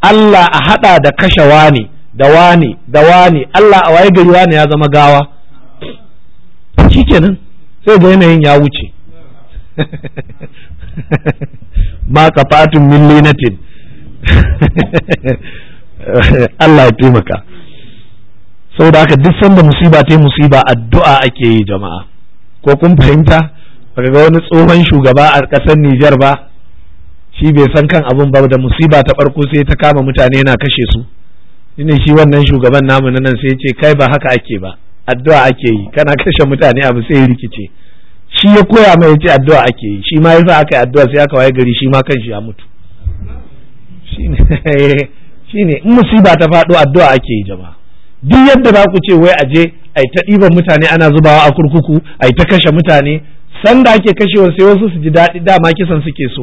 Allah a haɗa da kashe wani da wane da wane Allah a waye gari wane ya zama gawa shikenan sai ga yanayin ya wuce ma kafatun fatin Allah ya taimaka saboda haka duk sanda musiba ta musiba addu'a ake yi jama'a ko kun fahimta baka ga wani tsohon shugaba a ƙasar Nijar ba shi bai san kan abun ba da musiba ta farko sai ta kama mutane na kashe su ne shi wannan shugaban namu nan sai ce kai ba haka ake ba addu'a ake yi kana kashe mutane abu sai rikice shi ya koya mai yace addu'a ake yi shi ma yasa aka yi addu'a sai aka waye gari shi ma kanshi ya mutu eh, shine in musiba ta faɗo addu'a ake yi jama'a duk yadda za ku ce wai a je ai ta ɗiban mutane ana zubawa a kurkuku ai ta kashe mutane sanda ake kashewa sai wasu su ji daɗi dama kisan suke so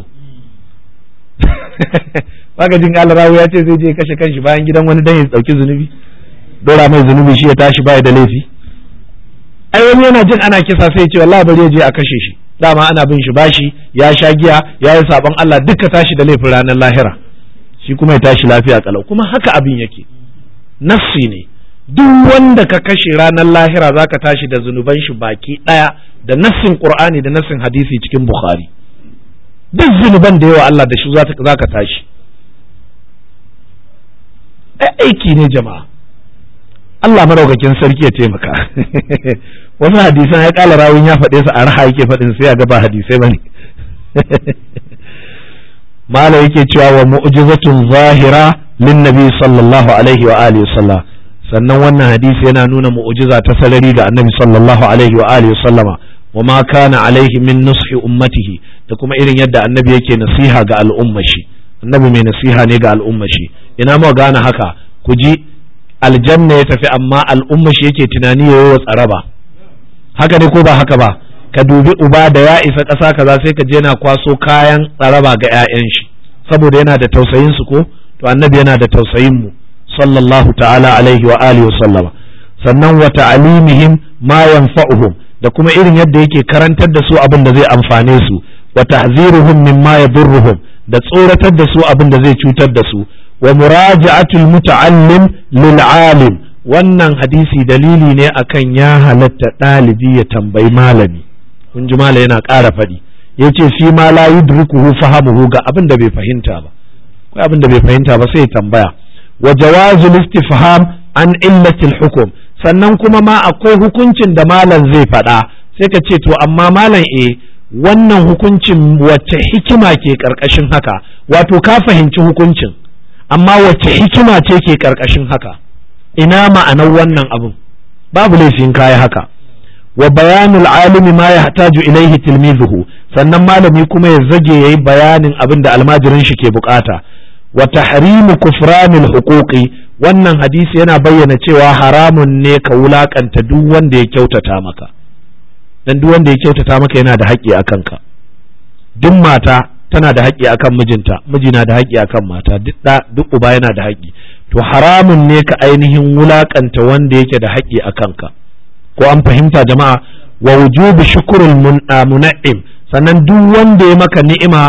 baka jin rawo ya ce zai je kashe kanshi bayan gidan wani dan ya dauki zunubi dora mai zunubi shi ya tashi bai da laifi ai wani yana jin ana kisa sai ya ce wallahi bari ya je a kashe shi dama ana bin shi bashi ya sha giya ya yi sabon Allah duka tashi da laifin ranar lahira shi kuma ya tashi lafiya kalau kuma haka abin yake nafsi ne duk wanda ka kashe ranar lahira zaka tashi da zunuban shi baki daya da nassin qur'ani da nassin hadisi cikin bukhari duk zunuban da yawa Allah da shi zaka tashi aiki ne jama'a Allah maraukakin sarki ya taimaka wasu hadisan ya kala rawun ya faɗe su a raha yake faɗin sai a ga ba hadisai bane mala yake cewa wa mu'jizatun zahira lin nabi sallallahu alaihi wa alihi sallam sannan wannan hadisi yana nuna mu'jiza ta sarari ga annabi sallallahu alaihi wa alihi sallama wa ma kana alaihi min nushi ummatihi da kuma irin yadda annabi yake nasiha ga al'umma shi annabi mai nasiha ne ga al'umma shi ina mu gane haka ku ji aljanna ya tafi amma al'umma shi yake tunani ya wa tsaraba haka ne ko ba haka ba ka dubi uba da ya isa ƙasa kaza sai ka je na kwaso kayan tsaraba ga 'ya'yan shi saboda yana da tausayin su ko to annabi yana da tausayin mu sallallahu ta'ala alaihi wa alihi wa sannan wa ta'alimihim ma yanfa'uhum da kuma irin yadda yake karantar da su abin da zai amfane su wa tahziruhum mimma yadurruhum da tsoratar da su abin da zai cutar da su wa muraja'atul muta'allim lil alim wannan hadisi dalili ne akan ya halatta dalibi ya tambayi malami kun ji malami yana ƙara faɗi ya ce fi ma la yudrikuhu fahamuhu ga abin da bai fahimta ba ko abin da bai fahimta ba sai ya tambaya wa jawazul istifham an illatil hukum sannan kuma ma akwai hukuncin da malam zai faɗa sai ka ce to amma malam eh wannan hukuncin wacce hikima ke ƙarƙashin haka wato ka fahimci hukuncin amma wacce hikima ce ke ƙarƙashin haka ina ma'anar wannan abin babu laifin kaya haka wa bayanul alimi ma ya hataju ilaihi tilmizuhu sannan malami kuma ya zage yayi bayanin abin da almajirin shi ke bukata wa tahrimu kufranil huquqi wannan hadisi yana bayyana cewa haramun ne ka wulakanta duk wanda ya kyautata maka dan duk wanda ya kyautata maka yana da haƙƙi akan ka duk mata tana da haƙƙi akan mijinta miji na da haƙƙi akan mata duk da duk uba yana da haƙƙi to haramun ne ka ainihin wulakanta wanda yake da haƙƙi akan ka ko an fahimta jama'a wa wujubi shukrul munna'im sannan duk wanda ya maka ni'ima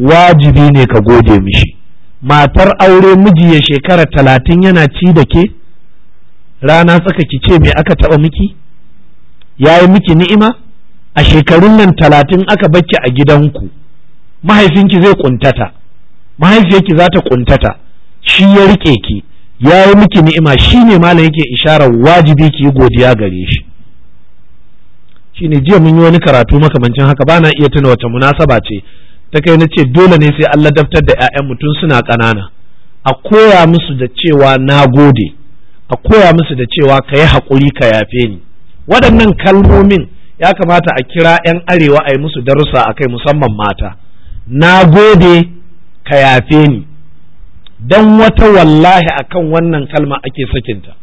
wajibi ne ka gode mishi matar aure miji ya shekara talatin yana ci da ke rana tsaka ki ce me aka taɓa miki ya yi miki ni'ima a shekarun nan talatin aka bacci a gidanku mahaifinki zai kuntata mahaifiyarki za ta kuntata shi ya rike ki ya yi miki ni'ima shi ne malam yake isharar wajibi ki godiya gare shi shi ne jiya mun yi wani karatu makamancin haka ba iya tuna wata munasaba ce ta kai na ce dole ne sai Allah daftar da 'ya'yan mutum suna ƙanana a koya musu da cewa na gode a koya musu da cewa ka yi haƙuri ka yafe ni waɗannan kalmomin ya kamata a kira 'yan arewa a yi musu darussa a kai musamman mata na gode ka yafe ni don wata wallahi a kan wannan kalma ake sakinta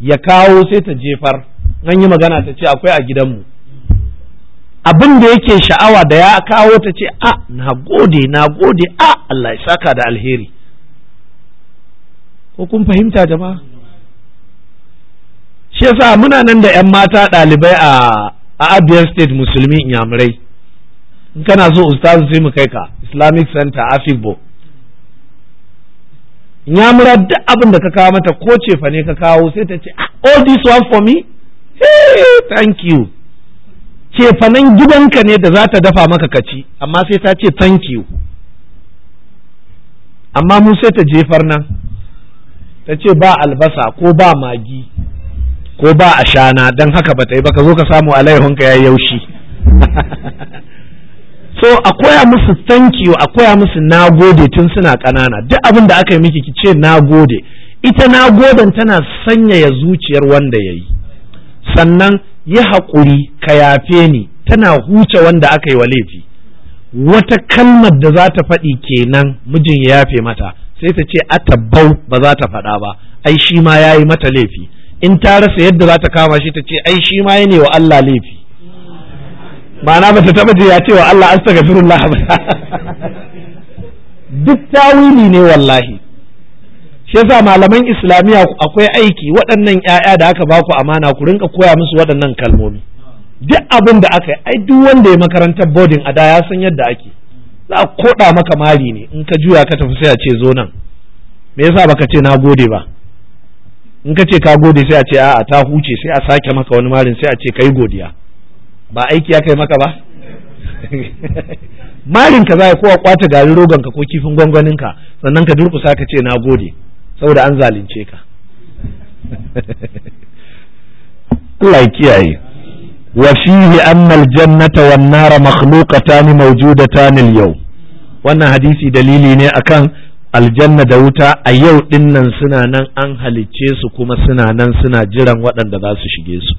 ya kawo sai ta jefar an yi magana ta ce akwai a gidanmu abin da yake sha'awa da ya kawo ta ce a ah, na gode na gode a ah, Allah ya saka da alheri ko kun fahimta jama'a shi yasa muna nan da yan mata ɗalibai a a Abia State musulmi inyamurai in kana so Ustaz sai mu kai ka Islamic Center Afibo inyamurar duk abin da ka kawo mata ko cefa ne ka kawo sai ta ce ah, all this one for me hey, thank you cefanen gidanka ne da za ta dafa maka kaci amma sai ta ce thank you amma mu sai ta jefar nan ta ce ba albasa ko ba magi ko ba a shana don haka ba ta yi ba ka zo ka samu alaihunka ya yaushi so a koya musu thank you a koya musu na gode tun suna ƙanana duk abin da aka yi miki ki ce na ita na godan tana sanyaya zuciyar wanda ya yi sannan yi haƙuri ka yafe ni tana huce wanda aka yi wa laifi wata kalmar da za ta faɗi kenan mijin ya yafe mata sai ta ce a tabbau ba za ta faɗa ba ai shi ma ya yi mata laifi in ta rasa yadda za ta kama shi ta ce ai shi ma ne wa Allah laifi ma'ana ba ta taba ya ce wa Allah astaghfirullah ba duk tawili ne wallahi shi yasa malaman islamiya akwai aiki waɗannan ƴaƴa da aka baku amana ku rinka koya musu waɗannan kalmomi duk abin da aka yi ai duk wanda ya makarantar boarding a da ya san yadda ake za a koda maka mali ne in ka juya ka tafi sai a ce zo nan me yasa baka ce na gode ba in ka ce ka gode sai a ce a'a ta huce sai a sake maka wani marin sai a ce kai godiya ba aiki ya kai maka ba marin ka za ko a kwata garin rogon ka ko kifin gwangwanin ka sannan ka durkusa ka ce na gode saboda an zalunce ka Allah kiyaye wa fihi anna al-jannata wan nar makhluqatan mawjudatan al-yawm wannan hadisi dalili ne akan aljanna da wuta a yau dinnan suna nan an halicce su kuma suna nan suna jiran waɗanda za su shige su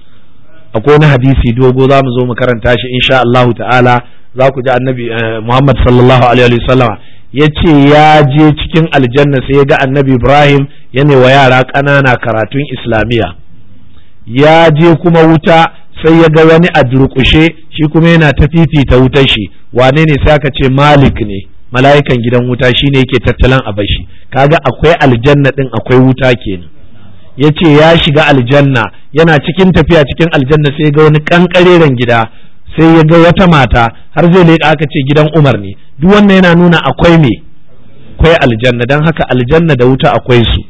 akwai na hadisi dogo za mu zo mu karanta shi insha Allah ta'ala za ku ji annabi eh, Muhammad sallallahu alaihi wasallam ya ce ya je cikin aljanna sai ya ga annabi Ibrahim ya ne wa yara ƙanana karatun islamiyya ya je kuma wuta sai ya ga wani a durƙushe shi kuma yana ta fifita wutar shi wane ne sai aka ce Malik ne mala'ikan gidan wuta shine yake tattalin abashi kaga akwai aljanna din akwai wuta kenan yace ya shiga aljanna yana cikin tafiya cikin aljanna sai ga wani kankareren gida sai ya ga wata mata har zai leƙa aka ce gidan Umar ne duk wannan yana nuna akwai me akwai aljanna dan haka aljanna da wuta akwai su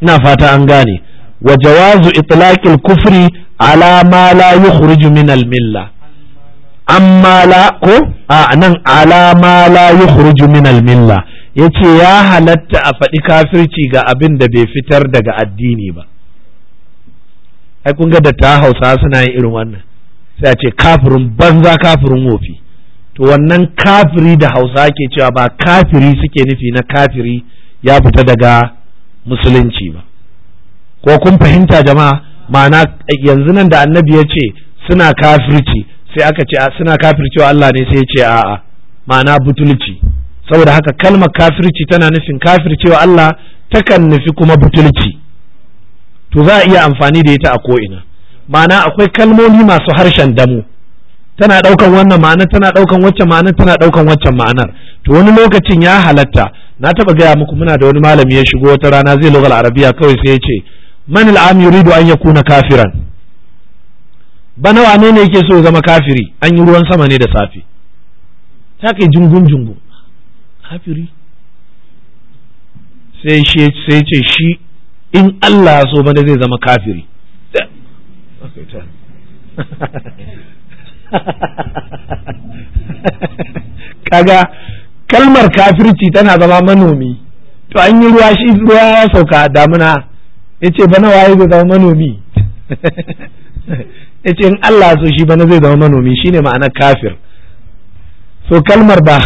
ina fata an gane wa jawazu itlaqil kufri ala ma la yukhruju min al milla amma la ko a nan alama la yukhruju min al-milla yace ya halatta a faɗi kafirci ga abin da bai fitar daga addini ba ai kun ga da ta hausa suna yin irin wannan sai a ce kafirin banza kafirin wofi to wannan kafiri da hausa ke cewa ba kafiri suke nufi na kafiri ya fita daga musulunci ba ko kun fahimta jama'a ma'ana yanzu nan da annabi ya ce suna kafirci sai aka ce suna kafircewa Allah ne sai ya ce a'a ma'ana butulci saboda haka kalmar kafirci tana nufin kafircewa Allah takan nufi kuma butulci to za a iya amfani da ita a ko'ina ma'ana akwai kalmomi masu harshen damu tana ɗaukan wannan ma'ana tana ɗaukan waccan ma'ana tana ɗaukan waccan ma'anar to wani lokacin ya halatta na taɓa gaya muku muna da wani malami ya shigo wata rana zai lugal arabiya kawai sai ya ce man al'am yuridu an yakuna kafiran bana wane ne yake so ya zama kafiri an yi ruwan sama ne da safe ta kai jungun jungun kafiri sai shi sai ce shi in Allah ya so bana zai zama kafiri kaga kalmar kafirci tana zama manomi to an yi ruwa shi ruwa ya sauka damuna ya ce bana waye zai zama manomi ya ce in Allah so shi bana zai zama manomi shine ma'anar kafir so kalmar ba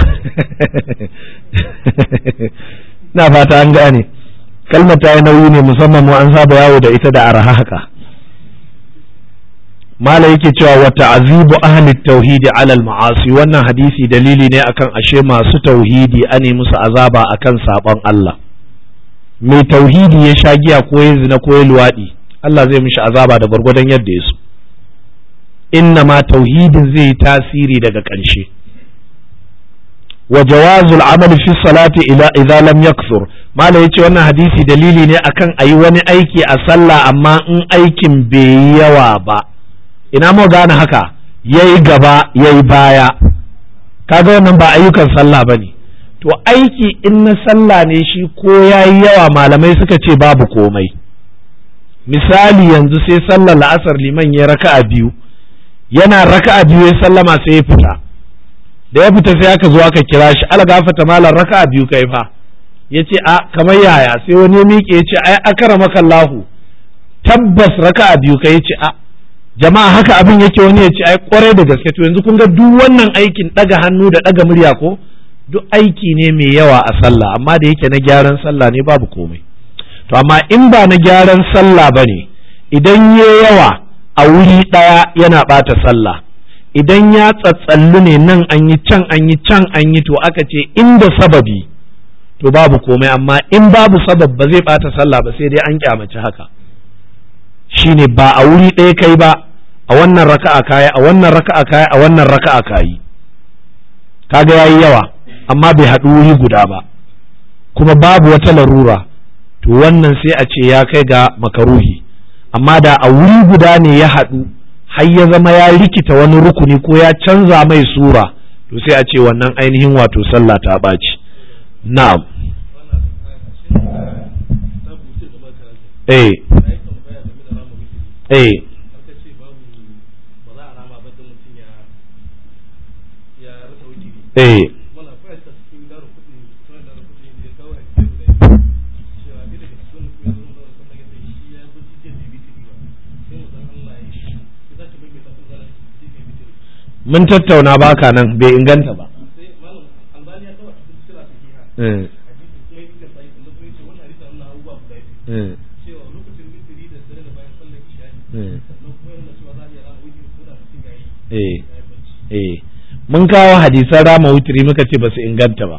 na fata an gane kalmar ta yi nauyi ne musamman mu an saba yawo da ita da araha haka mala yake cewa wa azibu ahli tauhidi ala al-ma'asi wannan hadisi dalili ne akan ashe masu tauhidi ane musu azaba akan sabon Allah mai tauhidi ya sha giya ko ya zina ko ya luwadi Allah zai mishi azaba da gwargwadon yadda ya so inna ma tauhidin zai yi tasiri daga ƙarshe wa jawazul amali fi salati ila idza lam yakthur mala yace wannan hadisi dalili ne akan ayi wani aiki a sallah amma in aikin bai yawa ba ina mu gane haka yayi gaba yayi baya kaga wannan ba ayyukan sallah bane to aiki in na sallah ne shi ko yayi yawa malamai suka ce babu komai misali yanzu sai sallar la'asar liman ya raka a biyu yana raka a biyu ya sallama sai ya fita da ya fita sai aka zo aka kira shi algafata malar a biyu kai fa Ya ce a kamar yaya sai wani ya miƙe ya yace ai akara makallahu tabbas raka a biyu kai ya ce a jama'a haka abin yake wani ya ce ai kwarai da gaske yanzu kun ga duk wannan aikin ɗaga hannu da ɗaga murya ko duk aiki ne mai yawa a sallah amma da yake na gyaran sallah ne babu komai to amma in ba na gyaran sallah ba ne idan ya yawa a wuri ɗaya yana ɓata sallah idan ya tsatsallu ne nan an yi can an yi can an yi to aka ce inda sababi to babu komai amma in babu sabab ba zai ɓata sallah ba sai dai an kyamaci haka shine ba a wuri ɗaya kai ba a wannan raka'a kayi a wannan raka'a kayi a wannan raka'a kayi kaga yayi yawa amma bai haɗu wuri guda ba kuma babu wata larura to wannan sai a ce ya kai ga makaruhi amma da a wuri guda ne ya haɗu har ya zama ya rikita wani rukuni ko ya canza mai sura to sai a ce wannan ainihin wato sallah ta ɓaci na'am eh eh eh mun tattauna baka nan bai inganta ba eh. Eh. Eh. mun kawo hadisan rama wutiri muka ce ba su inganta ba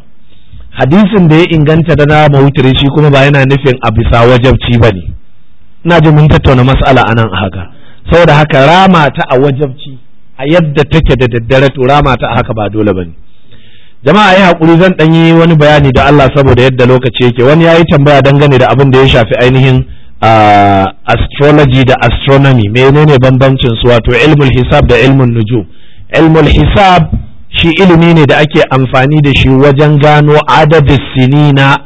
hadisin da ya inganta da rama wutiri shi kuma ba yana nufin a bisa wajabci ba ne na ji mun tattauna mas'ala anan haka saboda haka rama ta a wajabci a yadda take da daddare to rama a haka ba dole ba ne. jama'a ya haƙuri, zan ɗan yi wani bayani da Allah saboda yadda lokaci yake wani ya yi tambaya dangane da abin da ya shafi ainihin astrology da astronomy menene bambancin su wato ilmul hisab da ilmul nujum ilmul hisab shi ilimi ne da ake amfani da shi wajen gano adadin sinina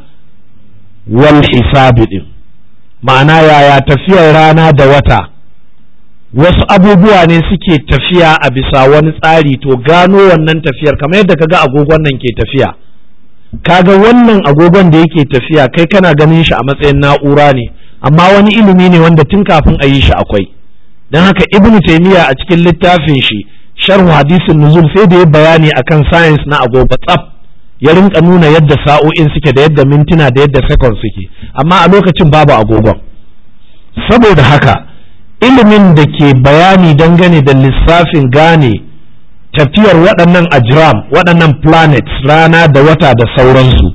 wal hisabi din ma'ana yaya tafiyar rana da wata wasu abubuwa ne suke tafiya a bisa wani tsari to gano wannan tafiyar kamar yadda ka ga agogon nan ke tafiya kaga wannan agogon da yake tafiya kai kana ganin shi a matsayin na'ura ne amma wani ilimi ne wanda tun kafin a yi shi akwai don haka ibn taymiya a cikin littafin shi sharhu hadisin nuzul sai da ya bayani akan science na agogo tsaf ya rinka nuna yadda sa'o'in suke da yadda mintuna da yadda second suke amma a lokacin babu agogon saboda haka ilimin da ke bayani dangane da lissafin gane tafiyar waɗannan ajram waɗannan planets rana da wata da sauransu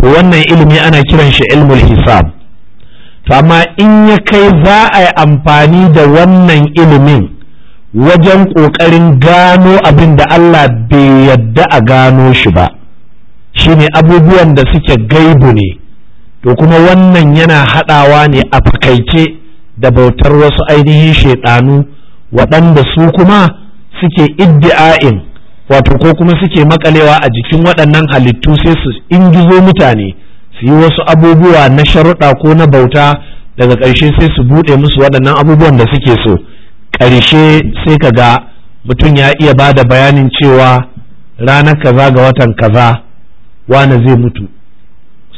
to wannan ilimi ana kiran shi ilmul hisab to amma in ya kai za a yi amfani da wannan ilimin wajen ƙoƙarin gano abin da Allah bai yadda a gano shi ba shine abubuwan da suke gaibu ne to kuma wannan yana haɗawa ne a fakaice da bautar wasu ainihin shaidanu waɗanda su kuma suke iddi'a'in wato ko kuma suke makalewa a jikin waɗannan halittu sai su ingizo mutane su yi wasu abubuwa na sharuɗa ko na bauta daga ƙarshe sai su buɗe musu waɗannan abubuwan da suke so ƙarshe sai ka ga mutum ya iya ba da bayanin cewa ranar kaza ga watan kaza wane zai mutu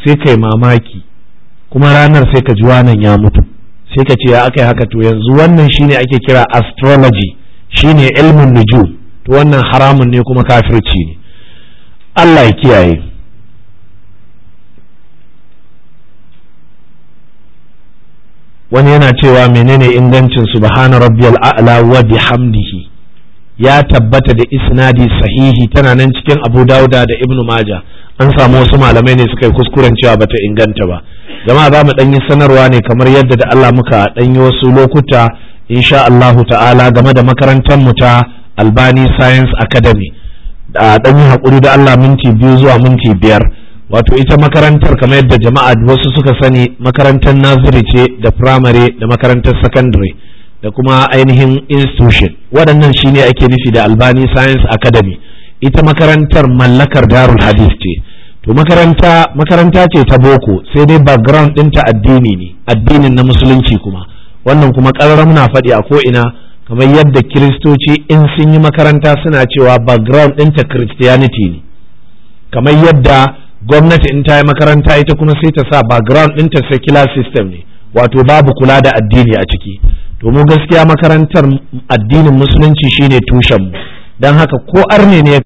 sai kai mamaki kuma ranar sai ka ji wanan ya mutu sai ka ce ya aka yi haka to yanzu wannan shine ake kira astrology shine ilmin nujum to wannan haramun ne kuma kafirci ne Allah ya kiyaye wani yana cewa menene ingancin subhana rabbiyal a'la wa bihamdihi ya tabbata da isnadi sahihi tana nan cikin abu dauda da ibnu maja an samu wasu malamai ne suka yi kuskuren cewa bata inganta ba jama'a za mu dan yi sanarwa ne kamar yadda da Allah muka ɗanyi wasu lokuta insha Allahu ta'ala game da makarantar mu ta Albani Science Academy da dan hakuri da Allah minti biyu zuwa minti biyar wato ita makarantar kamar yadda jama'a wasu suka sani makarantar naziri ce da primary da makarantar secondary da kuma ainihin institution waɗannan shine ake nufi da albani science academy ita makarantar mallakar darul hadith ce to makaranta makaranta ce ta boko sai dai background dinta addini ne addinin na musulunci kuma wannan kuma ƙararra muna faɗi a ko'ina kamar yadda kiristoci in sun yi makaranta suna cewa background ɗinta christianity ne kamar yadda gwamnati in ta yi makaranta ita kuma sai ta sa background ɗinta secular system ne wato babu kula da addini a ciki to mu gaskiya makarantar addinin musulunci shine tushen mu dan haka ko arne ne